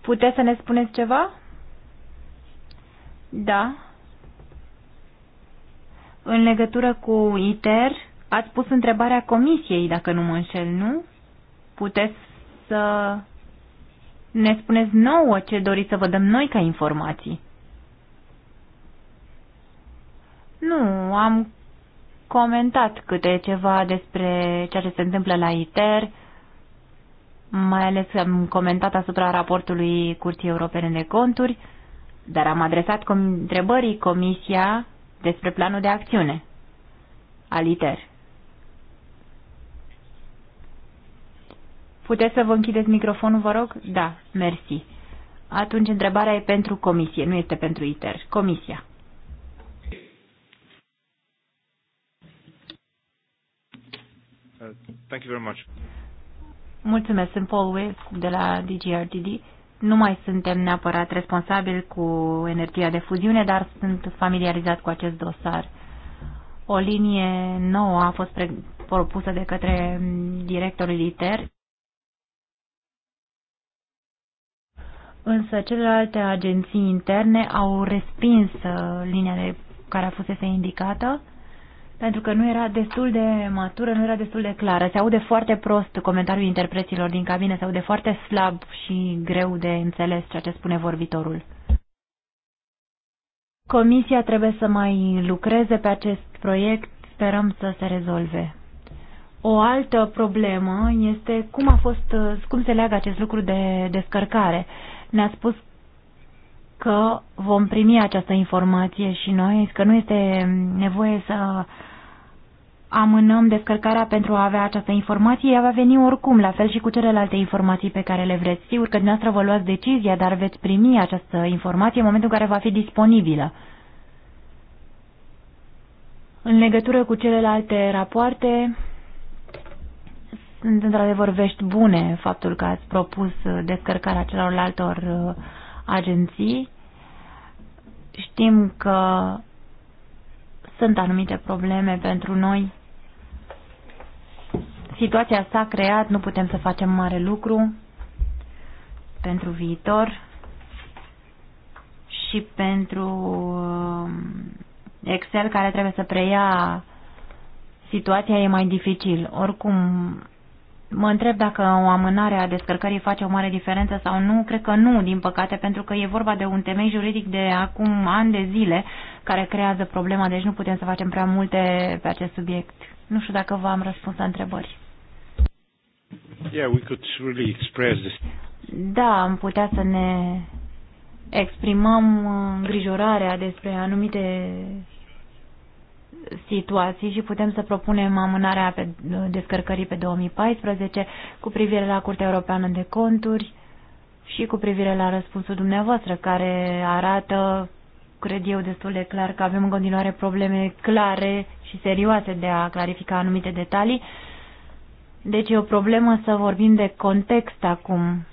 Puteți să ne spuneți ceva? Da. În legătură cu ITER, Ați pus întrebarea comisiei, dacă nu mă înșel, nu? Puteți să ne spuneți nouă ce doriți să vă dăm noi ca informații. Nu, am comentat câte ceva despre ceea ce se întâmplă la ITER, mai ales am comentat asupra raportului Curții Europene de Conturi, dar am adresat întrebării Comisia despre planul de acțiune al ITER. Puteți să vă închideți microfonul, vă rog? Da, mersi. Atunci întrebarea e pentru comisie, nu este pentru ITER. Comisia. Uh, thank you very much. Mulțumesc, sunt Paul West de la DGRTD. Nu mai suntem neapărat responsabili cu energia de fuziune, dar sunt familiarizat cu acest dosar. O linie nouă a fost propusă de către directorul ITER însă celelalte agenții interne au respins uh, linia de care a fusese indicată pentru că nu era destul de matură, nu era destul de clară. Se aude foarte prost comentariul interpreților din cabine, se aude foarte slab și greu de înțeles ceea ce spune vorbitorul. Comisia trebuie să mai lucreze pe acest proiect, sperăm să se rezolve. O altă problemă este cum, a fost, cum se leagă acest lucru de descărcare ne-a spus că vom primi această informație și noi, că nu este nevoie să amânăm descărcarea pentru a avea această informație, ea va veni oricum, la fel și cu celelalte informații pe care le vreți. Sigur că dumneavoastră vă luați decizia, dar veți primi această informație în momentul în care va fi disponibilă. În legătură cu celelalte rapoarte, sunt într-adevăr vești bune faptul că ați propus uh, descărcarea celorlaltor uh, agenții. Știm că sunt anumite probleme pentru noi. Situația s-a creat, nu putem să facem mare lucru pentru viitor și pentru uh, Excel care trebuie să preia situația e mai dificil. Oricum, Mă întreb dacă o amânare a descărcării face o mare diferență sau nu. Cred că nu, din păcate, pentru că e vorba de un temei juridic de acum ani de zile care creează problema, deci nu putem să facem prea multe pe acest subiect. Nu știu dacă v-am răspuns la întrebări. Yeah, we could really express this. Da, am putea să ne exprimăm îngrijorarea despre anumite situații și putem să propunem amânarea pe descărcării pe 2014 cu privire la Curtea Europeană de Conturi și cu privire la răspunsul dumneavoastră, care arată, cred eu, destul de clar că avem în continuare probleme clare și serioase de a clarifica anumite detalii. Deci e o problemă să vorbim de context acum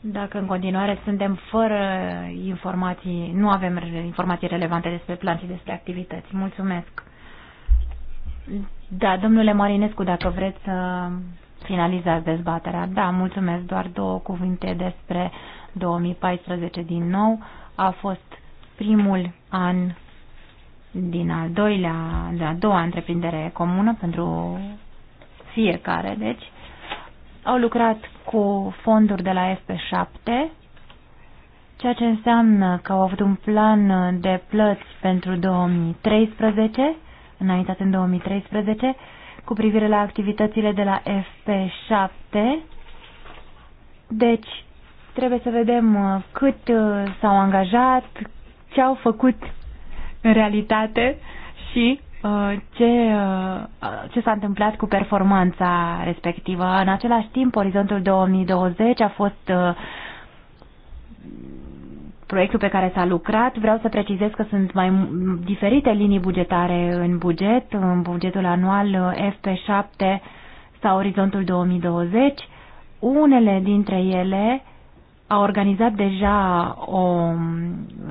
Dacă în continuare suntem fără informații, nu avem informații relevante despre plan și despre activități. Mulțumesc. Da, domnule Marinescu, dacă vreți să finalizați dezbaterea. Da, mulțumesc. Doar două cuvinte despre 2014 din nou. A fost primul an din al doilea, de a doua întreprindere comună pentru fiecare, deci. Au lucrat cu fonduri de la FP7, ceea ce înseamnă că au avut un plan de plăți pentru 2013, înaintat în 2013, cu privire la activitățile de la FP7. Deci, trebuie să vedem uh, cât uh, s-au angajat, ce au făcut în realitate și Uh, ce, uh, ce s-a întâmplat cu performanța respectivă. În același timp, Orizontul 2020 a fost uh, proiectul pe care s-a lucrat. Vreau să precizez că sunt mai diferite linii bugetare în buget, în bugetul anual FP7 sau Orizontul 2020. Unele dintre ele au organizat deja o um,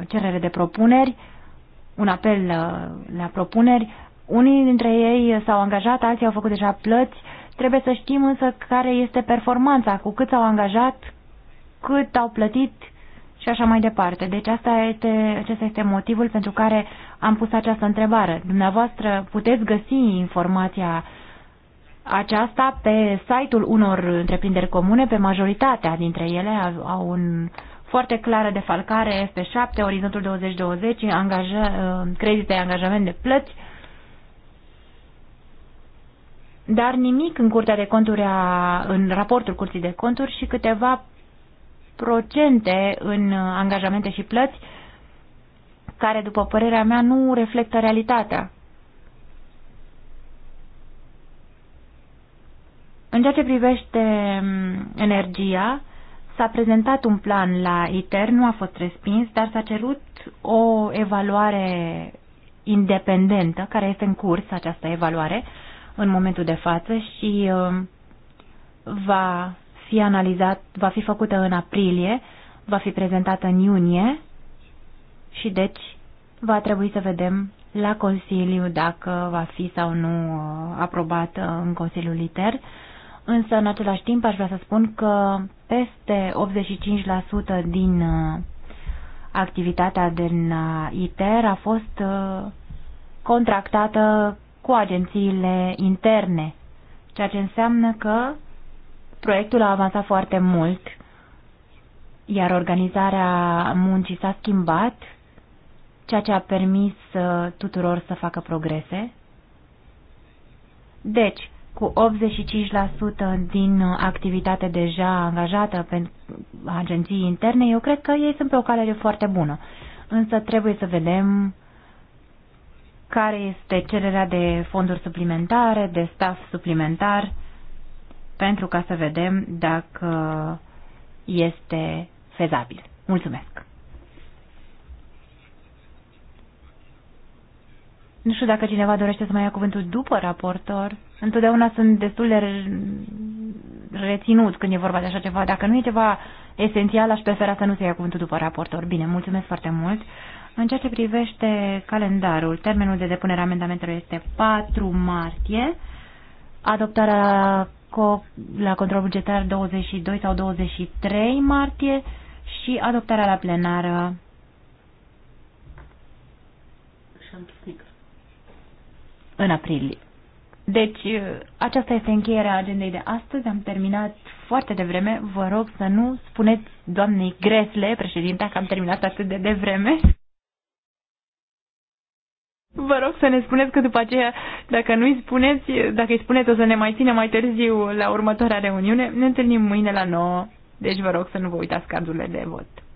cerere de propuneri uh, un apel la, uh, la propuneri. Unii dintre ei s-au angajat, alții au făcut deja plăți. Trebuie să știm însă care este performanța, cu cât s-au angajat, cât au plătit și așa mai departe. Deci asta este, acesta este motivul pentru care am pus această întrebare. Dumneavoastră puteți găsi informația aceasta pe site-ul unor întreprinderi comune, pe majoritatea dintre ele au un foarte clară falcare FP7, orizontul 2020, angaja, uh, credite, angajament de plăți, dar nimic în curtea de conturi, a, în raportul curții de conturi și câteva procente în uh, angajamente și plăți care, după părerea mea, nu reflectă realitatea. În ceea ce privește mm, energia, S-a prezentat un plan la ITER, nu a fost respins, dar s-a cerut o evaluare independentă, care este în curs această evaluare în momentul de față și um, va fi analizat, va fi făcută în aprilie, va fi prezentată în iunie și deci va trebui să vedem la Consiliu dacă va fi sau nu uh, aprobată în Consiliul ITER Însă, în același timp, aș vrea să spun că peste 85% din uh, activitatea din uh, ITER a fost uh, contractată cu agențiile interne, ceea ce înseamnă că proiectul a avansat foarte mult, iar organizarea muncii s-a schimbat, ceea ce a permis tuturor să facă progrese. Deci, cu 85% din activitate deja angajată pentru agenții interne, eu cred că ei sunt pe o cale foarte bună. Însă trebuie să vedem care este cererea de fonduri suplimentare, de staff suplimentar, pentru ca să vedem dacă este fezabil. Mulțumesc! Nu știu dacă cineva dorește să mai ia cuvântul după raportor. Întotdeauna sunt destul de reținut când e vorba de așa ceva. Dacă nu e ceva esențial, aș prefera să nu se ia cuvântul după raportor. Bine, mulțumesc foarte mult. În ceea ce privește calendarul, termenul de depunere a amendamentelor este 4 martie, adoptarea la control bugetar 22 sau 23 martie și adoptarea la plenară. Și am picnic în aprilie. Deci, uh, aceasta este încheierea agendei de astăzi. Am terminat foarte devreme. Vă rog să nu spuneți doamnei Gresle, președinta, că am terminat atât de devreme. Vă rog să ne spuneți că după aceea, dacă nu îi spuneți, dacă îi spuneți, o să ne mai ținem mai târziu la următoarea reuniune. Ne întâlnim mâine la 9, deci vă rog să nu vă uitați cardurile de vot.